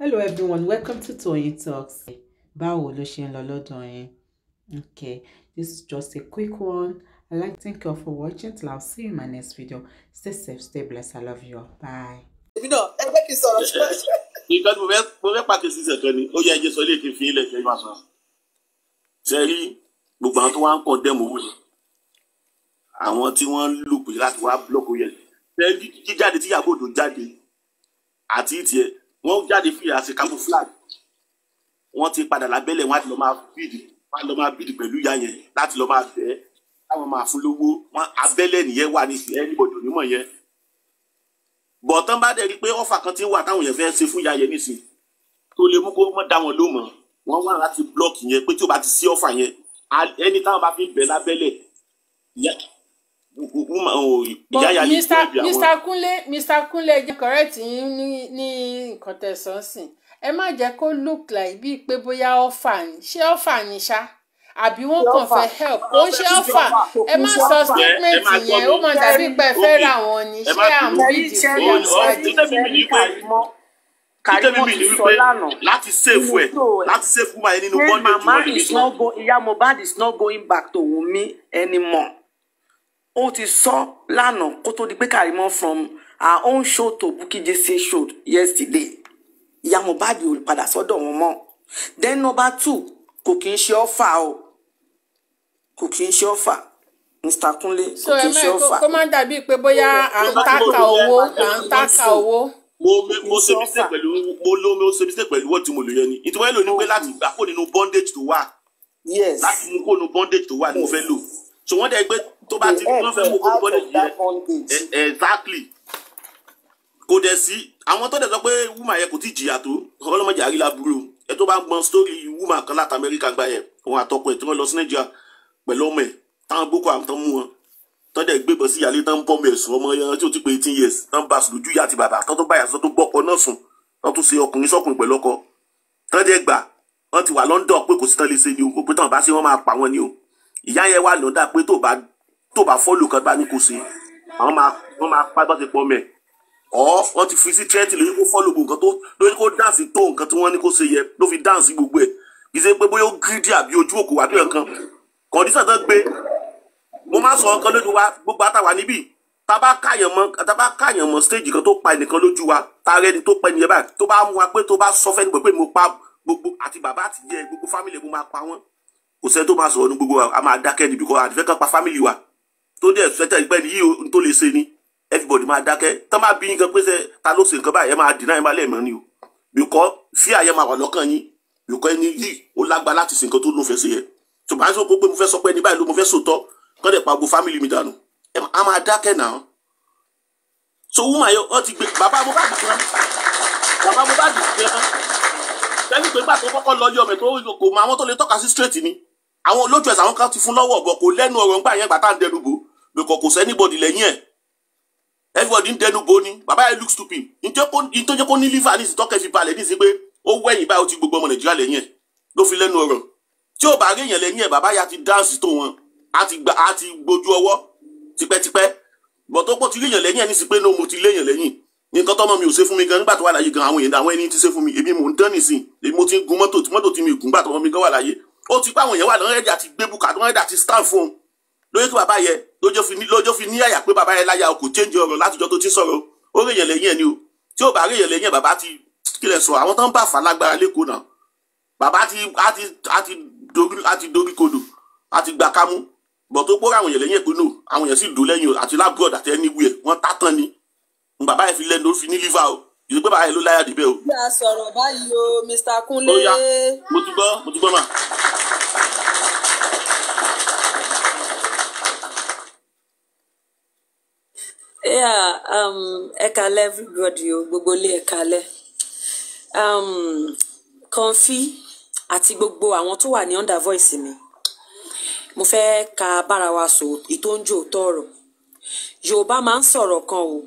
hello everyone welcome to Toyeen Talks báwo ló ṣe ń lọ lọ́dọ̀ yín okay this is just a quick one i like to thank you all for watching till i'll see you in my next video stay safe stay blessed i love you all bye. èmi náà ẹ jẹ́ kí n sọ̀rọ̀ nǹkan tí mo fẹ́ mo fẹ́ pàkíyèsí sísẹ̀ kan ni ó yẹ ẹjẹ sọ ilé kí fi ilẹ̀ ṣẹ́yìn máa sọ. ṣe rí gbogbo àwọn tó wá ń kọ dẹ́mu wù yìí àwọn tí wọ́n lù láti wá búlọ́ọ̀kù yẹn ṣe jíjáde tíyàbò òdò wọ́n jáde fi àṣẹ camouflage wọ́n ti padà lábẹ́lẹ̀ wọ́n á ti lọ máa bìdì wọ́n á lọ máa bìdì pẹ̀lú ìyá yẹn láti lọ máa bẹ́ẹ̀ táwọn máa fún lówó wọ́n abẹ́lẹ̀ nìyẹn wà ní ìsìn ẹni bọ̀dọ̀ nímọ̀ yẹn bọ̀tán bá dẹ̀ rí i pé ọ̀fà kan ti wà táwọn yẹn fẹ́ ṣe fún ìyá yẹn nísìn tó lè mú kó wọ́n dá wọn lómọ̀ wọ́n wà láti blọ́ọ̀kì yẹn pé tí o bá ti sí ọ̀fà yẹn ẹni táwọn bá fi bẹ̀ lábẹ́lẹ̀ woman o yaya yìí tó ibi àwọn. Mr Kunle Mr Kunle jẹ́ correct yín ní ní nǹkan tẹ̀sán sìn ẹ má jẹ́ kó look like bíi pé bóyá ọ̀fà ni ṣé ọ̀fà ni ṣá àbí wọ́n kàn fẹ́ help ó ń ṣe ọ̀fà ẹ má sọ statement yẹn ó mọ tàbí pé ẹ fẹ́ ra wọn ni ṣé àmúbìdì fún ọ kàrímọ́ ti sọ lánàá láti save ẹ láti save woman ẹni nínú bọ́ndé tó wọ́n ní bí sọ. pé mama is not go ìyá Mohbad is not going back to Wunmi anymore ó ti sọ lánàá kó tó di pé Karimo from our own show to Bukky Jesse show yesterday ìyá Mohbad ò padà sọ́dọ̀ wọn mọ́ then number two kò kí ń ṣe ọ́fà o kò kí ń ṣe ọ́fà mr kunle kò kí ń ṣe ọ́fà. so ẹ mọ kó má dàbí pé bóyá à ń tàkà owó à ń tàkà owó mo ṣe mistake pẹ̀lú mo lo mo ṣe mistake pẹ̀lú wọ́ọ̀dì mo lo yẹn ni nítorí wọ́n lò ní pé láti gbà kó nínú bondage tó wà láti mú kó nínú bondage tó wà ni mo fẹ́ lò so wọ́n dẹ̀ gbé tó bá ti wọ́n fẹ́ mú gbogbo bọ́dẹ̀ yìí exactly kò dẹ̀ sí àwọn tó dẹ̀ sọ pé wúmà yẹn kò tí jìyà tó ọlọ́mọdé àríla burú ẹ tó bá ń gbọ́n sítórì wúmà kan láti amẹ́ríkà gbà yẹn òun àtọkọ ẹ̀ tí wọ́n lọ sí nàìjíríà pẹ̀lú ọmọ ẹ̀ táwọn boko haram tán mú wọn tán dẹ̀ gbébọn sí ìyáálé tán ń bọ́mọ ẹ̀sùn ọmọ yẹn tí ó ti pé eighteen years tán bá sùn lójú ìyá àti bàbá tán tó báyà sọ tó bọ́kọ náà sùn tán tún ṣe ọkùnrin sọ́kùnrin pẹ̀lú ọkọ tán dẹ̀ gbà wọ́n ti wà London pé kò sí tán lè ṣe ni o pé tán bá ṣe wọ́n máa pa wọ́n ni o ìyá yẹn wà London pé tó bá tó bá fọ́ọ̀lù kan bá ní kò ṣe àwọn máa wọ́n máa pa gbọ́dọ̀ pọ̀ mẹ́ ọ́ wọ́n ti fi sí tírẹ́ǹtì lórí kó fọ́ọ̀lù nǹkan tó lórí kó dáǹsì tó nǹkan tí wọ́n ní kó ṣe yẹ ló fi dáǹsì gbogbo ẹ̀ kì í ṣe pé bóyá ó gírídì àbí ojú òkú àbí nǹkan kọ̀ǹdíṣà tó gbé mo máa sọ ọkàn lójú wa gbogbo àtàwà níbí tábà káyàn mọ tábà káyàn mọ stage kan tó pa ẹnìkan lójú wa tààrẹ ni tó pẹ nìyẹn báyìí tó bá mú wa pé tó bá sọ fẹ́ nígbà pé mo pa gbogbo àti bàbá àti yẹ gbogbo fámìlì mo máa pa wọn kò sẹ́ni tó máa sọ̀rọ̀ ní gbogbo wa a máa dákẹ́ níbi kọ́ àdìfẹ́ kan pa fámìlì wa tó dẹ̀ sẹ́tẹ̀ gbẹ́ ni yìí ohun tó lè ṣe ni everybody máa dákẹ́ tán bá bí yín kan pé sẹ́ ta ló ṣe nǹkan báyìí ẹ máa dìnnà ẹ máa lẹ́ẹ̀mọ́ ni o bìkọ́ fí àyẹ̀ máa wà lọ́kàn yín bìkọ́ ẹni yìí ó lágbá láti ṣe nǹkan tó ló fẹ́ ṣe yẹ ṣùgbọ́n àìsàn kó pé mo fẹ́ sọ pé ẹni báyìí ló mo fẹ́ sòótọ́ kọ́ dẹ̀ pàgọ́ fámìlì mi dànù ẹ máa dákẹ́ náà so woman yọ ọ ti gbé bàbá Mohbad gan bàbá Mohbad gan tẹ́lẹ̀ pé gbàtọ́ kọ́kọ́ lọ́jọ́ mẹ́tọ́ kò mọ àwọn tó lè tọ́ka sí straight ni àwọn olójú ẹ̀sán àwọn kan ti fún lọ́wọ́ ọ̀bọ̀ kò lẹ́nu ọ̀rọ̀ ńgbà yẹn gbà tá à ń dẹnu bò ó because kò sẹ́nibọ̀dì lẹ́yìn ẹ̀ everybody ń dẹnu bo ni bàbá yẹn look stupid nítorí kó ní liver ní ìsìtọ́kẹ́ fi balẹ̀ ní ìsìn pé ó wẹ̀yìn báyìí ó ti gbogbo ọmọ nàìjíríà lẹ́yìn ẹ̀ ló fi lẹ́nu ọ̀rọ̀ tí ò bá rí èèyàn lẹ́yìn ẹ̀ bàbá yẹn á ti dáǹsì tó wọn á ti gba á ti gbójú ọwọ́ tipẹ́tipẹ́ bọ̀ tó pọ̀ ti rí èèyàn lẹ́yìn ẹ̀ ní ìsìn pé no mo ti léèyàn lẹ́yìn nǹkan tọ́mọ mi ò ṣe fún mi gan nígbà tó wà láyé gan àwọn èèyàn àwọn ẹni tí ṣe fún mi èmi mò ń dán nìsín èmi mo ti ń gun mọ́tò tí mọ́tò tí mi gùn gbà tọ́mọ mi gan wà láyé ó ti pa àwọn èèyàn wà lọ́rẹ́dì àti gbébùkà lọ́rẹ́dì àti stand fún un lóyún kí bàbá yẹ lójó fi ní àyà pé bàbá yẹ láyà o kò change ọ̀rọ̀ látijọ́ tó ti sọ̀rọ̀ ó rèyàn lẹ́yìn ẹ̀ ni o tí ò bá rèyàn lẹ́yìn ẹ̀ bàbá ti kílẹ̀ sọ àwọn tó ń bà fà lágbára lẹ́kọ̀ọ́ náà bàbá ti àti dorí kodò àti gbà kámú bọ̀ tó pọ́ra àwọn èèyàn lẹ́yìn ẹ̀pẹ́ náà àwọn èèyàn sì dùn lẹ́yìn o àti labroad àti anywhere wọ́n tátàn ni bàbá yẹn fi lẹ́nu ló fi ní liver o ìlú pé bàbá yẹn ló láyà dìbẹ́ o. bí a sọ̀rọ̀ báyìí o Mr. Kunle. ó yá mo ti gbọ́ mo ti gbọ́ ma. yeah um ẹ̀kalẹ̀ everybody o gbogbo ilé ẹ̀kalẹ̀ um Comfy àti gbogbo àwọn tó wà ní under voice mi mo fẹ́ ka bára wa sọ ètò ń jò tọrọ Yorùbá máa ń sọ̀rọ̀ kan o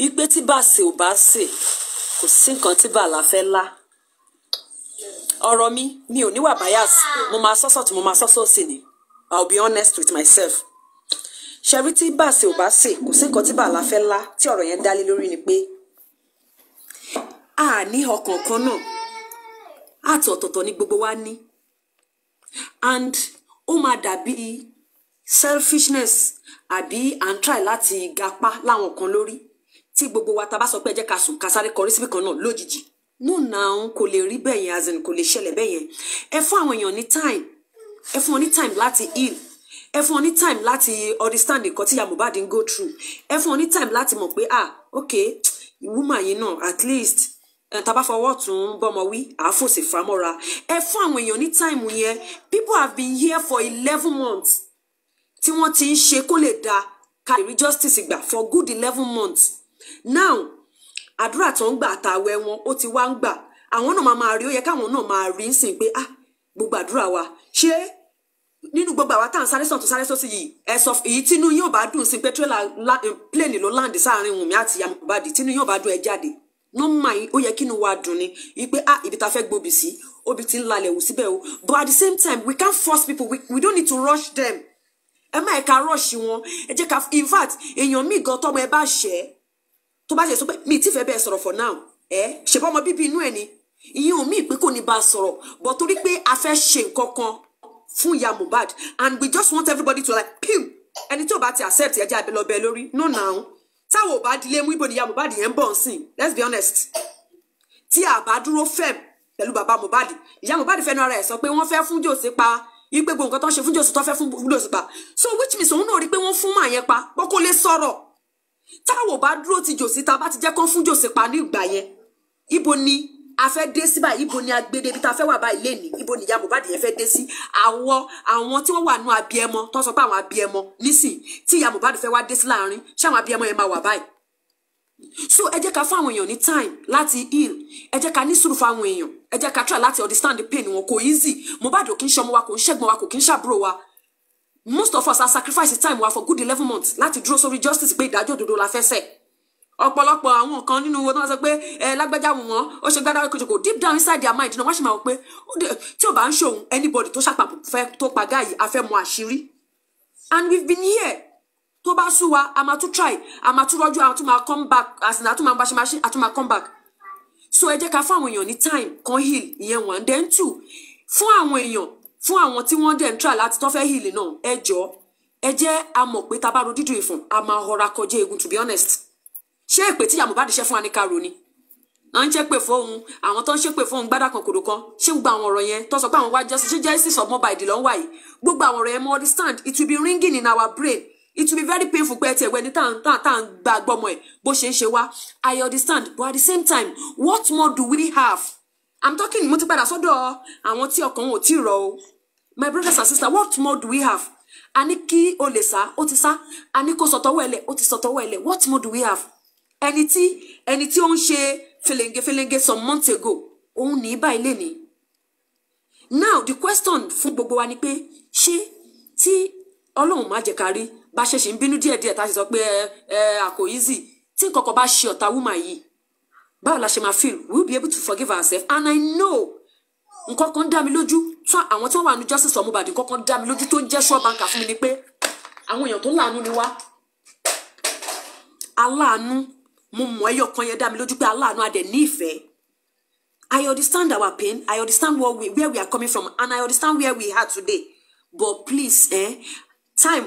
wípé tí bàṣẹ ò bá ṣe kò sí nǹkan tí bàlá fẹ́ lá ọ̀rọ̀ mi mi ò níwà bias mo máa sọ́sọ̀ tí mo máa sọ́sọ̀ sí ni I'll be honest with myself ṣẹrí tí bàṣẹ ò bá ṣe kò sí nǹkan tí bàlá fẹ́ lá tí ọ̀rọ̀ yẹn dálé lórí ni pé a ní ọkàn kan náà àti ọ̀tọ̀ọ̀tọ̀ ni gbogbo wa ní and ó máa dàbí selfishness àbí à ń try láti gapá láwọn kan lórí tí gbogbo wa ta bá sọ pé ẹ jẹ́ ká sùn ká sáré kọrí síbì kan náà lójijì no now kò lè rí bẹ́ẹ̀ yẹn as in kò lè ṣẹlẹ̀ bẹ́ẹ̀ yẹn ẹ fún àwọn èèyàn ní time ẹ fún wọn ní time láti heal ẹ fún ọ ní time láti understand nǹkan tí ìyá Mohbad ń go through ẹ fún ọ ní time láti mọ̀ pé ah ok woman yìí náà at least eh, tàbá fọwọ́ tún bọ́mọ wí àáfòsè fàmọ́ra ẹ fún àwọn èèyàn ní time yẹn people have been here for eleven months tí wọ́n ti ń ṣe kó lè da ká lè rí justice gbà for good eleven months now àdúrà tó ń gbà àtàwẹ̀ wọn ó ti wá ń gbà àwọn náà máa rí ó yẹ káwọn náà máa rí sìn pé ah gbogbo àdúrà wa ṣé nínú gbogbo àwa tá à ń sáré sọ̀tún sáré sọ́sì yìí ẹ̀sọ̀ èyí tínú yóò bá dùn sí pé tírélà eh, pléènì ló láǹdì sáàrin Wùnmí àti Ìyá Mohbad tínú yóò bá dùn ẹ jáde nọ́mà yìí ó yẹ kí inú wa dùn ni wípé ah ibi ta fẹ́ gbòbì sí obì ti ń lalẹ̀ wù síbẹ̀ o but at the same time we can't force people we, we don't need to rush them ẹ má ẹ ká rush wọn ẹ jẹ́ ká in fact èèyàn míì gan tọ́mọ ẹ bá ṣẹ́ tó bá ṣe sọ pé mi ti fẹ́ bẹ́ẹ̀ sọ̀rọ̀ for now ẹ ṣèbọ́mọ bíbí inú ẹ ni ìyẹn ò mí ìpín kò ní bá a sọ̀rọ̀ but torí pé a fẹ́ ṣe nǹkan kan fún ìyá Mohbad and we just want everybody to like pew ẹni tí ò bá ti accept ẹjẹ abẹ lọbẹ lórí no now táwọn ò bá dilé mú ibo ni ìyá Mohbad yẹn ń bọ̀ nsìn let's be honest tí a bá dúró fẹ́m pẹ̀lú bàbá Mohbad ìyá Mohbad fẹ́nu ara ẹ̀ sọ pé wọ́n fẹ́ fún jòsí pa ipe gbogbo nǹkan tó ń ṣe fún jòsí tó fẹ́ fún jòsí pa so which means òun náà rí pé wọ́n fún màá yẹn pa pé kó lè sọ̀rọ̀ táwọn ò bá dúró ti jòsí ta bá ti jẹ́ kán fún jòsí pa ní ìgbà yẹn ibo ni a fẹ́ dé sí báyìí ibo ni agbede ibi tá a fẹ́ wà báyìí lénìí ibo ni ìyá Mohbad yẹn fẹ́ dé sí àwọn àwọn tí wọ́n wà nù abiyẹmọ tó sọ pé àwọn abiyẹmọ nísìn tí ìyá Mohbad fẹ́ wá dé sí láàrin ṣé àwọn abiyẹmọ yẹn máa wà báyìí so ẹ jẹ́ ká fún àwọn èèyàn ní time láti heal ẹ jẹ́ ká ní sùúrù fún àwọn èèyàn ẹ jẹ́ ká try láti understand the pain wọn kò easy Mohbad kì í ṣọmọ wa kò ń ṣẹ̀gbọ́n wa kò kì í ṣàbúrò wa most of us are sacrificing time wa for good eleven months láti dúró sórí justice pé ìdájọ́ òdodo la fẹ́ sẹ́ẹ̀ ọ̀pọ̀lọpọ̀ àwọn kan nínú wọn tó wọ́n sọ pé ẹ lágbájá wọn wọn ó ṣe gbádá kojoko deep down inside their mind náà wọ́n sì máa wọ pé tí ò bá ń ṣòun anybody tó ṣàpà fẹ́ tó pa gáàyè a fẹ́ mọ àṣírí and we've been here tó bá sú wa a máa tún try a máa tún rọ́jú a tún máa come back as in a tún máa baṣe máa a tún máa come back so ẹ jẹ́ ká fún àwọn èèyàn ní time kan heal ìyẹn one then two fún àwọn èèyàn fún àwọn tí wọ́n dẹ̀ ń try láti tọ́ fẹ́ heal náà ẹ jọ ẹ jẹ́ a mọ̀ pé tá bá ro dídùn ìfọ̀n a máa họra kọjá egun to be honest ṣé èpè tí ìyá Mohbad ṣe fún aníkaro ni à ń ṣépè fóun àwọn tó ń ṣépè fóun gbádà kan kòdò kan ṣé gbogbo àwọn ọ̀rọ̀ yẹn tó sọ pé àwọn wá jẹ́ ṣé justice of Mohbad ló ń wà yìí gbogbo àwọn ọ̀rọ̀ yẹn mo understand it will be ringing in our brain it will be very painful pé ẹ tiẹ̀ wẹni tá à ń gba gbọ́mọ ẹ̀ bó ṣe ń ṣe wá I understand but at the same time what more do we have I'm talking mo ti padà sọ́dọ̀ àwọn tí ọkàn ò tí rọ o my brothers and sisters what more do we have a ní kí o lè sá ó ti sá a ní kó sọtọ́wọ́ ẹ̀lẹ̀ ó ti sọtọ́wọ́ ẹ̀lẹ̀ what more do we have ẹni tí ẹni tí ó ń ṣe felenge felenge some months ago òun ní báyìí lè ní. now the question fún gbogbo wa ni pé ṣé tí ọlọ́run má jẹ́ ká rí bá ṣe ṣe ń bínú díẹ̀díẹ̀ tá a ṣe sọ pé ẹ ẹ àkòyízì tí nǹkan kan bá ṣe ọ̀tá wúmà yìí báwo la ṣe máa feel we will be able to forgive ourselves and i know nǹkan kan dá mi lójú tún àwọn tí wọ́n wà ní justice for Mohbad nǹkan kan dá mi lójú tó ń jẹ́ sure banker fún mi ni pé àwọn èèyàn tó láàánú ni wá aláàánú mo mọ̀ ẹyọ yẹn dá mi lójú pé aláàánú adẹ̀ ní ìfẹ́ I understand our pain I understand where we, where we are coming from and I understand where we are today but please eh, time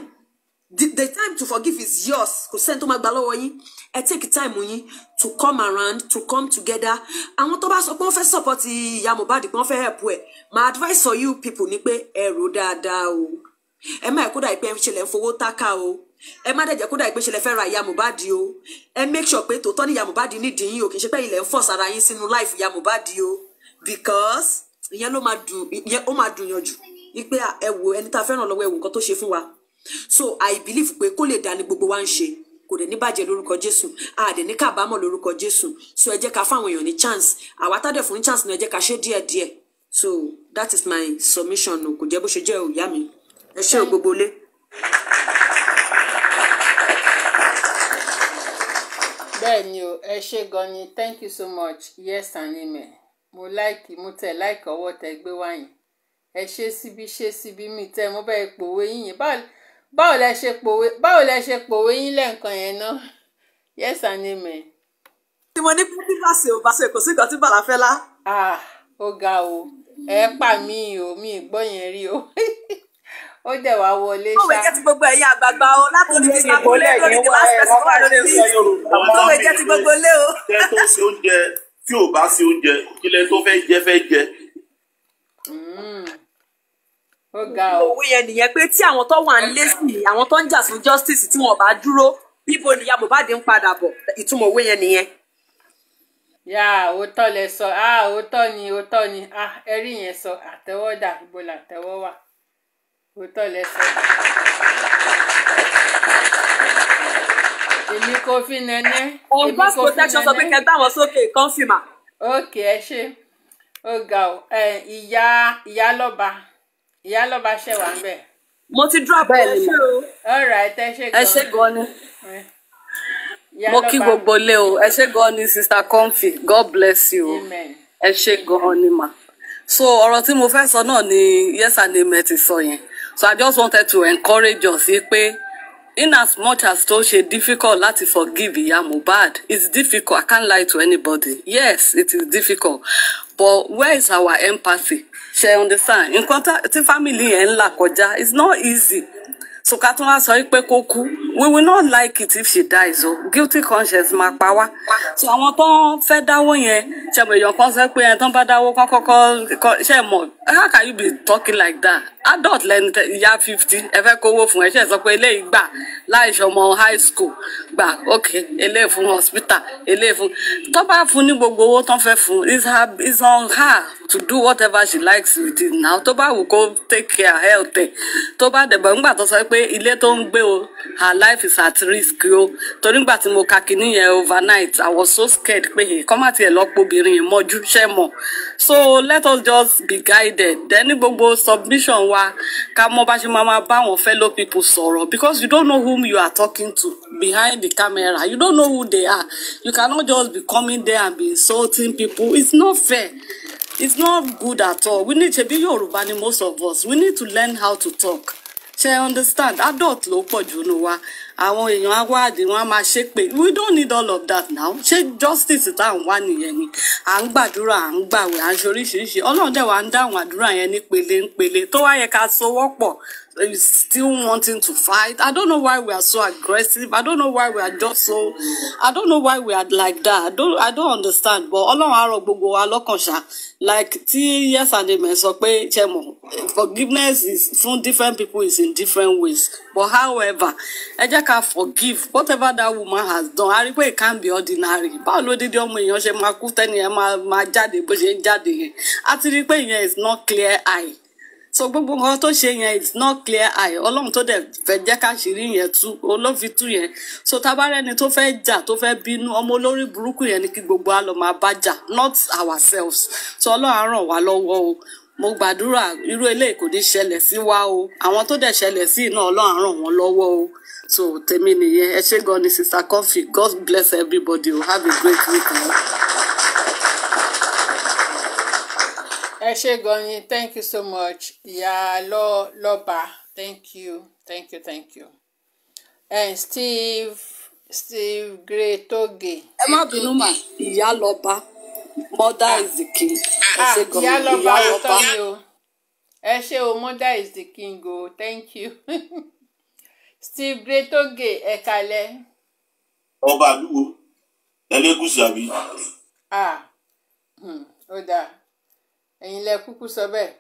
the, the time to forgive is yours kò sẹ́ni tó máa gbà lọ́wọ́ yín ẹ take time yín to come around to come together àwọn tó bá sọ pé wọ́n fẹ́ support ìyá Mohbad pé wọ́n fẹ́ help ẹ̀ my advice for you people ni pé ẹ rò dáadáa o ẹ má ẹ kó dà pé ẹ ń ṣẹlẹ̀ ń fowó táká o ẹ má dẹ̀jẹ̀ kó dà ìgbésẹ̀ lẹ fẹ́ ra ìyá Mohbad o ẹ make sure pé tòótọ́ ní ìyá Mohbad nídìí yín o kì í ṣe pé ilẹ̀ ń fọ̀ sára yín sínú life ìyá Mohbad o because ìyẹn ló máa dùn ìyẹn ó máa dùn yàn jù wípé ẹ wo ẹni tá a fẹ́ràn lọ́wọ́ ẹ wo nǹkan tó ṣe fún wa so i believe pé kó lè dá ní gbogbo wa ń ṣe kò dẹ̀ ní bàjẹ́ lórúkọ jésù a dẹ̀ ní kábàámọ̀ lórúkọ jésù so ẹ jẹ́ ká fáwọn èèyàn ní chance àwa tá dẹ̀ fún ní chance náà ẹ jẹ́ ká ṣe díẹ̀díẹ̀ so that is my submission kò jẹ́ bó ṣe jẹ́ òòyá mi ẹ ṣé o gbogbo lé. bẹ́ẹ̀ni o ẹ ṣé gan thank you so much yes and amen mo láìkì mo tẹ̀ láìkì ọwọ́ tẹ gbé wáyìn ẹ ṣe síbi ṣe síbi mi tẹ mo bẹ́ẹ̀ pòwe yín yẹn báwo lẹ ṣe pòwe báwo lẹ ṣe pòwe yín lẹ́ǹkan yẹn náà yes and amen. tí mo ní pé bí bá ṣe ò bá ṣe kò sí nǹkan tí bàrà fẹ́ lá. Ah, ó ga o ẹ pa mí o mi ì gbọ́ yẹn rí o. ó dẹ̀ wá wọlé ṣá. òwe jẹ́ ti gbogbo ẹ̀yin àgbààgbà o látòrí ti sàkólé lórí the last person wà lórí ti òwe jẹ́ ti gbogbo lé o. jẹ́ tó ṣe oúnjẹ tí ò bá ṣe oúnjẹ kílẹ̀ tó fẹ́ jẹ fẹ́ jẹ. Mm. ó ga o. òwe yẹn nìyẹn pé tí àwọn tó wà ń lé sí àwọn tó ń jà fún justice tí wọn bá dúró bíbo nìyá Mohbad ń padà bọ̀ ìtumọ̀ òwe yẹn nìyẹn. yà òótọ́ lẹ sọ ah, òótọ́ ni òótọ́ ni ah, ẹ̀rí yẹn sọ àtẹ́wọ́dà ibo làtẹ́wọ́ wà òótọ́ lẹ́sẹ̀. èmi kò fi nẹ́nẹ́. on gas protection sọ pé kẹta wọn sókè kọ́ńfìmà. ok ẹ ṣe ó ga ọ ìyá ìyálọ́ba ìyálọ́ba ṣẹ̀ wá ń bẹ̀. mo ti drop ẹ ṣe o. alright ẹ ṣe gan-an. ẹ ṣe gan-an ni mo kí gbogbo lé o ẹ ṣé gan ni sister comfy god bless you ẹ ṣé gan ni ma so ọ̀rọ̀ tí mo fẹ́ sọ náà ni yes and amen ti sọ yẹn so i just wanted to encourage us yìí pé in as much as tó ṣe difficult láti forgive ìyá Mohbad it's difficult i can't lie to anybody yes it is difficult but where is our empathy ṣe understand nǹkan tí family yẹn ń là kọjá it's not easy so ká tún wá sọ pé kó kú we will not like it if she dies o oh. guilty conscience máa pa wá so àwọn tó ń fẹ́ dáwó yẹn ṣe mọ̀ èèyàn kan sọ pé ẹ̀ tán bá dáwó kán kọ́kọ́ ṣe mọ̀ how can you be talking like that adult lẹni ìyá fifty ẹ fẹ́ kówó fún ẹ ṣe sọ pé eléyìí gbà láìṣe ọmọ high school gbà ok eléyìí fún hospital eléyìí fún tó bá fún ní gbogbo owó tán fẹ́ fún it's her it's on her to do whatever she likes with it now tó bá wù kó take care health ẹ tó bá dẹ̀bọ̀ ńgbà tó sọ pé ilé tó ń gbé o her life is at risk o torí ńgbà tí mo ka kìíní yẹn overnight I was so scared pé kọ́mátì ẹ̀ lọ́pọ̀ obìnrin yẹn mọ́jú ṣẹ́ mọ̀ so let us just be guided then gbogbo submission wa wa ká mọ bá ṣe máa máa bá àwọn fellow people sọ̀rọ̀ because you don't know whom you are talking to behind the camera you don't know who they are you cannot just be coming there and be insulting people it's not fair it's not good at all we need ṣebí Yorùbá ni most of us we need to learn how to talk ṣe understand adult ló pọ̀ jù nù wa àwọn èèyàn á wáàdì wọn á máa ṣe pé we don't need all of that now ṣé justice tá à ń wá nìyẹn ni à ń gbàdúrà à ń gbàwẹ̀ à ń ṣe oríṣiríṣi ọlọ́run dẹ̀ wá ń dáhùn àdúrà yẹn ní pele ń pele tó wá yẹ ká sowọ́pọ̀ still wanting to fight. I don't know why we are so aggressive. I don't know why we are just so. I don't know why we are like that. I don't. I don't understand. But Ọlọ́run arọ gbogbo wa lọ́kàn like tí yes and amen so, pé chemo forgiveness is from different people is in different ways. But however, ẹ jẹ́ forgive whatever that woman has done. A it can't be ordinary. Báwo ló dédé ọmọ èèyàn ṣe máa kú tẹ́niyẹn máa máa jáde bó ṣe ń jáde is not clear eye so gbogbo nǹkan tó ṣe yẹn it's not clear eye ọlọ́run tó dẹ̀ fẹ́ jẹ́ káṣírí yẹn tú olófin tú yẹn so tabarẹ́ni tó fẹ́ jà tó fẹ́ bínú ọmọ olórí burúkú yẹn ni kí gbogbo wa lọ máa bá jà not ourselves so ọlọ́run á ràn wá lọ́wọ́ o mo gbàdúrà irú eléyìí kò ní ṣẹlẹ̀ sí wa o àwọn tó dẹ̀ ṣẹlẹ̀ sí iná ọlọ́run á ràn wọ́n lọ́wọ́ o so tèmi nìyẹn ẹ ṣé gan ni sister Comfy God bless everybody o have a great week. ẹ ṣe gan thank you so much ìyá lọ lọba thank you thank you thank you and Steve Steve Gretoge. ẹ má bínú mà ìyá lọba mother is the king ẹ ṣe gan ni ah, ìyá lọba ẹ ṣe o mother is the king o thank you Steve Gretoge ẹ kalẹ̀. ọba àdúgbò ẹlẹ́gùsì àbí. ah hmm, ó dáa ẹ̀yin lẹ kúkú sọ bẹ́ẹ̀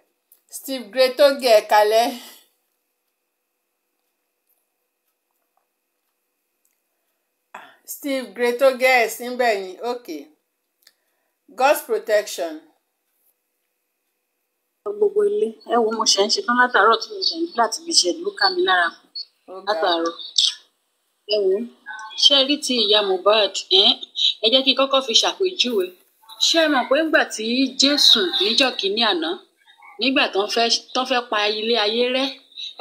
Steve Gray tó gé ẹ̀ kalẹ̀. Ah, Steve Gray tó gé ẹ̀ síbẹ̀ ni ok God's protection. gbogbo ilé ẹ wo mo ṣe ń ṣe tán látàárọ̀ tí mo ṣe ń láti fi ṣe ló ká mi lára látàárọ̀ ẹ wo ṣé rí ti ìyá Mohbad ẹ jẹ́ kí n kọ́kọ́ fi ṣàpèjúwe ṣé ẹ mọ̀ pé ńgbà tí jésù níjọ́ kìíní àná nígbà tó ń fẹ́ tó ń fẹ́ pa ilé ayé rẹ́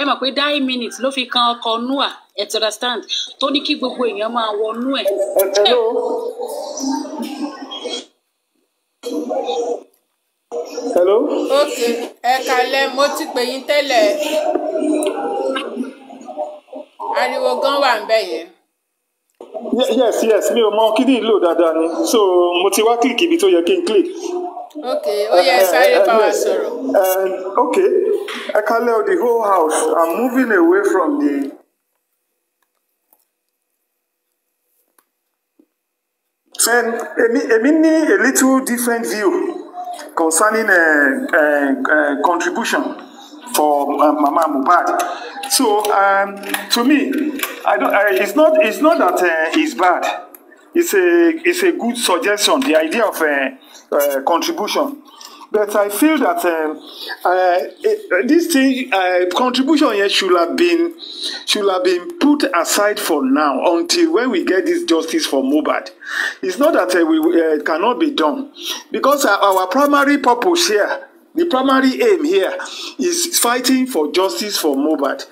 ẹ mọ̀ pé dáì mínít ló fi kan ọkọ̀ noah ẹ ti tó ní kí gbogbo èèyàn máa wọnú ẹ̀. hello. ẹ kalẹ̀ mo ti pè yín tẹ́lẹ̀ ariwo gan wà ń bẹ̀ yẹn yes yes mi ò mọ kíní ìlò dáadáa ni so mo ti wá click ibi tó yẹ kí n click. ok ó yẹ eh, sáré eh, bá wa sọ̀rọ̀. Eh, ok ẹ kálẹ̀ the whole house i'm moving away from the. èmi èmi ní a little different view concerning uh, uh, uh, contribution for uh, Mama Mohbad. So um, to me, I don't, I, it's not it's not that uh, it's bad. It's a it's a good suggestion. The idea of a uh, uh, contribution. But I feel that um, uh, it, uh, this thing uh, contribution here should have been should have been put aside for now until when we get this justice for Mohbad. It's not that uh, we uh, cannot be done because our, our primary purpose here the primary aim here is fighting for justice for Mohbad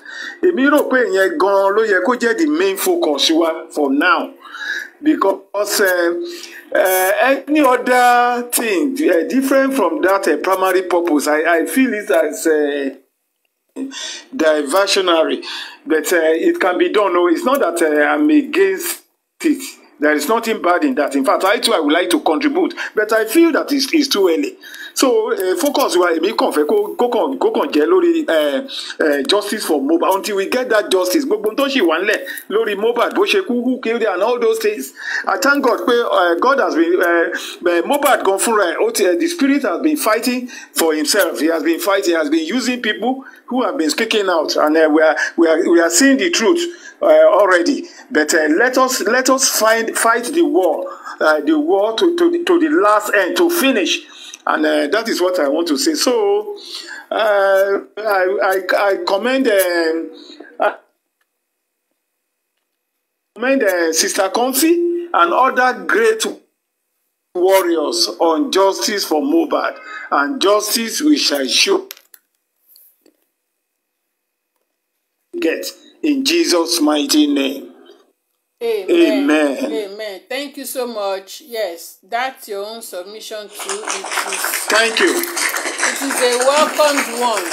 èmi rò pé ìyẹn gan-an ló yẹ kó jẹ́ the main focus wa for now because uh, uh, any other thing uh, different from that uh, primary purpose I, I feel it as uh, diversionary but uh, it can be done no it's not that uh, I'm against it there is nothing bad in that in fact I too I would like to contribute but I feel that it's, it's too early so eh, focus wa èmi kàn fẹ́ kó kàn jẹ́ lórí eh, eh, justice for Mohbad until we get that justice gbogbo tó ṣì wà ńlẹ̀ lórí Mohbad bó ṣe kú who killed and all those things I thank God pé uh, God has been uh, Mohbad gan fúnra ẹ̀ ó ti ẹ̀ the spirit has been fighting for himself he has been fighting he has been using people who have been speaking out and uh, we, are, we, are, we are seeing the truth uh, already but uh, let us let us find fight the war uh, the war to, to, to the last end to finish And uh, that is what I want to say. So uh, I, I, I commend. Uh, commend uh, Sister Comfy and other great warriors on justice for Mobad, and justice we shall show. Get in Jesus' mighty name. Amen. Amen. Amen. Thank you so much. Yes, that's your own submission to it. Is, Thank you. It is a welcomed one.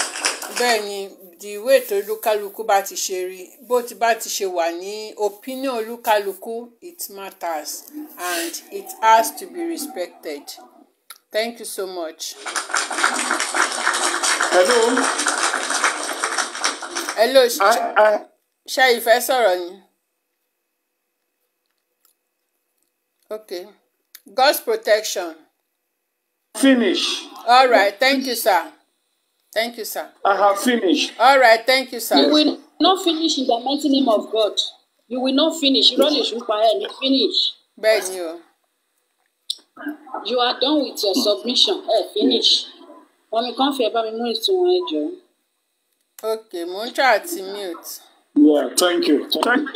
Bẹ́ẹ̀ni, the way to olúkálukú bá ti ṣe rí, bó ti bá ti ṣe wà ní opinion olúkálukú, it matters and it has to be respected. Thank you so much. Hello. Hello. Ṣé ìfẹ́ sọ̀rọ̀ ni? Okay. God's protection. Finish. All right. Thank you, sir. Thank you, sir. I have finished. All right. Thank you, sir. You will not finish in the mighty name of God. You will not finish. Run don't issue fire and finish. Bẹ́ẹ̀ni you. You are done with your submission. Ẹ hey, finish. Wọ́n mi kàn fi ẹ bá mi mú ìtumọ̀ ẹ jọ. Ok, mute. Yeah, thank you. Thank.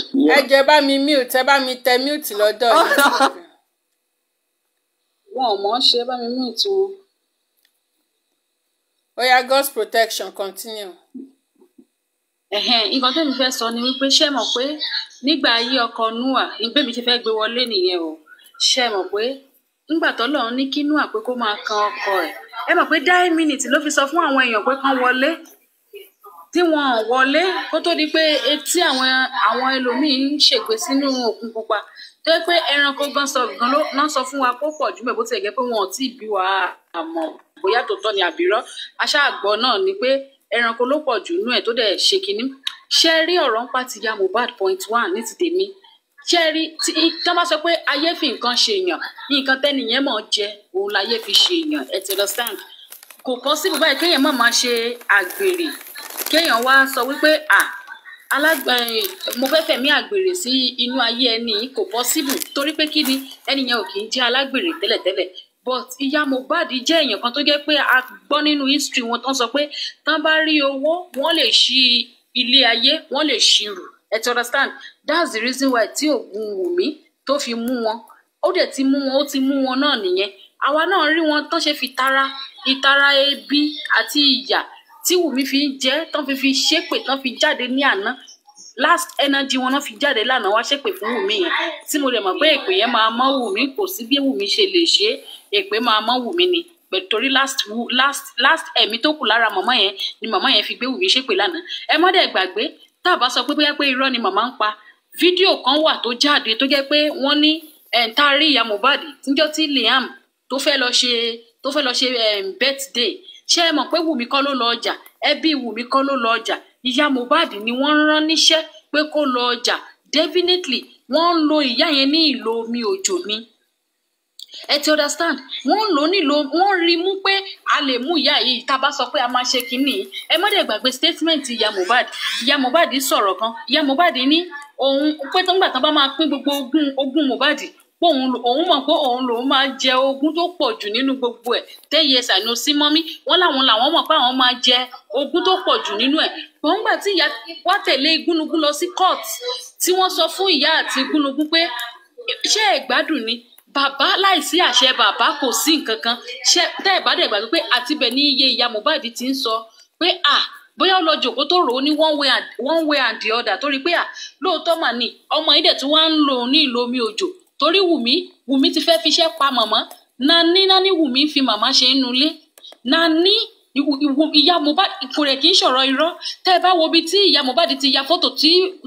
jẹ́ bá mi mute, ẹ bá mi mute lọ́dọ̀ oh, wọn ò mọ̀ ọ́n ṣe bá mi mú ìtú wọn. oya God's protection continue. nǹkan tó mi fẹ́ sọ ni wípé ṣé mọ̀ pé nígbà ayé ọkọ Nóà ìgbé mi ti fẹ́ gbé wọlé nìyẹn o ṣé mọ̀ pé nígbà tọ́lọ́run ní kí Nóà pé kó máa kan ọkọ ẹ̀ ẹ mọ̀ pé dáì mínítì ló fi sọ fún àwọn èèyàn pé kán wọlé tí wọn ò wọlé kó tó di pé etí àwọn àwọn ẹlòmíì ń ṣègbè sínú òkun pupa tó yẹ pé ẹranko gan sọ gan ló sọ fún wa kó pọ̀ jù bó tilẹ̀ jẹ́ pé wọn ò tí ì bí wa àmọ́ bóyá tó ni àbírọ́ aṣáàgbọ́ náà ni pé ẹranko ló pọ̀ jù nú ẹ̀ tó dẹ̀ ṣe kínní ṣe rí ọ̀rọ̀ ń pa ti ya Mohbad point one ní ti tèmi ṣe rí tí wọ́n bá sọ pé ayé fi nǹkan ṣe èèyàn nǹkan tẹ́nìyẹn mọ̀ jẹ òun láyé fi ṣe èèyàn ẹ̀ ti sáǹd kò pọ́sibú báyìí kéèyàn má máa ṣe àgbèrè kéèyàn wá sọ wípé à mo fẹ́ fẹ̀mí àgbèrè sí inú ayé ẹni yìí kò possible torí pé kí ni ẹni yẹn ò kì í jẹ́ alágbèrè tẹ́lẹ̀tẹ́lẹ̀ but ìyá Mohbad jẹ́ èèyàn kan tó jẹ́ pé a gbọ́ nínú history wọn tán sọ pé tán bá rí owó wọ́n lè ṣí ilé ayé wọ́n lè ṣírù ẹ ti understand that's the reason why tí oògùn Wùmí tó fi mú wọn ó dẹ̀ ti mú wọn ó ti mú wọn náà nìyẹn àwa náà rí wọn tán ṣe fi tara ìtara ebi àti ìyà tí Wùmí fi ń jẹ́ tán fi fi ṣépè tán fi jáde ní àná last energy wọn náà fi jáde lánàá wá ṣépè fún Wùmí yẹn tí mo lè mọ̀ pé èpè yẹn máa mọ́ Wùmí kò sí bí Wùmí ṣe lè ṣe èpè máa mọ́ Wùmí ni torí last last last ẹ̀mí tó kù lára mọ̀mọ́ yẹn ni mọ̀mọ́ yẹn fi gbé Wùmí ṣépè lánàá ẹ mọ́ dẹ̀ gbàgbé tá a bá sọ pé bóyá pé irọ́ ni màmá ń pa fídíò kan wà tó jáde tó jẹ́ pé wọ́n ní ẹ̀ǹta rí ìyá Mohbad níjọ́ tí Liam tó fẹ́ lọ ṣe tó fẹ́ lọ ṣe birthday ṣé ẹ mọ̀ pé Wùmí kọ́ ló lọ ọjà ẹbí Wùmí kọ́ ló lọ ọjà ìyá Mohbad ni wọ́n rán níṣẹ́ pé kó lọ ọjà definitely wọ́n ń lo ìyá yẹn ní ìlò omi òjò ni ẹ ti understand wọ́n ń lò nílò wọ́n rí mú pé a lè mú ìyá yìí tá a bá sọ pé a máa ṣe kínní ẹ má dẹ̀ gbàgbé statement ìyá Mohbad ìyá Mohbad sọ̀rọ̀ kan ìyá Mohbad ní òun pé tó ń gbà tán bá máa pín gbogbo ogún ogún Mohbad póun òun mọ̀ pé òun lòun máa jẹ ogún tó pọ̀ jù nínú gbogbo ẹ̀ ten years àìní sí mọ́mí wọ́n láwọn làwọn mọ̀ pé àwọn máa jẹ ogún tó pọ̀ jù nínú ẹ̀ gbọ̀ngbà tí ìyá wa tẹ̀lé igúnnugún lọ sí court tí wọ́n sọ fún ìyá àti igúnnugún pé ṣé ẹ gbádùn ni bàbá láìsí àṣẹ bàbá kò sí nǹkan kan ṣe tẹ́ ẹ̀ bá dẹ̀ gbàgbé pé àtibẹ̀ ní iye ìyá Mohbad ti ń sọ pé à bóyá ó lọ jòkó tó rò ó ní one way and one way and the other torí pé à lóòótọ́ mà ní ọmọ yìí dẹ̀ tún wá ń lò ó ní ìlò omi òjò torí wùmí wùmí ti fẹ́ fi iṣẹ́ pa màmá nání nání wùmí fi màmá ṣe inú ilé nání ìyá Mohbad ìfòrè kì í ṣọ̀rọ̀ irọ́ tẹ́ ẹ bá wo ibi tí ìyá Mohbad ti ya fọ́tò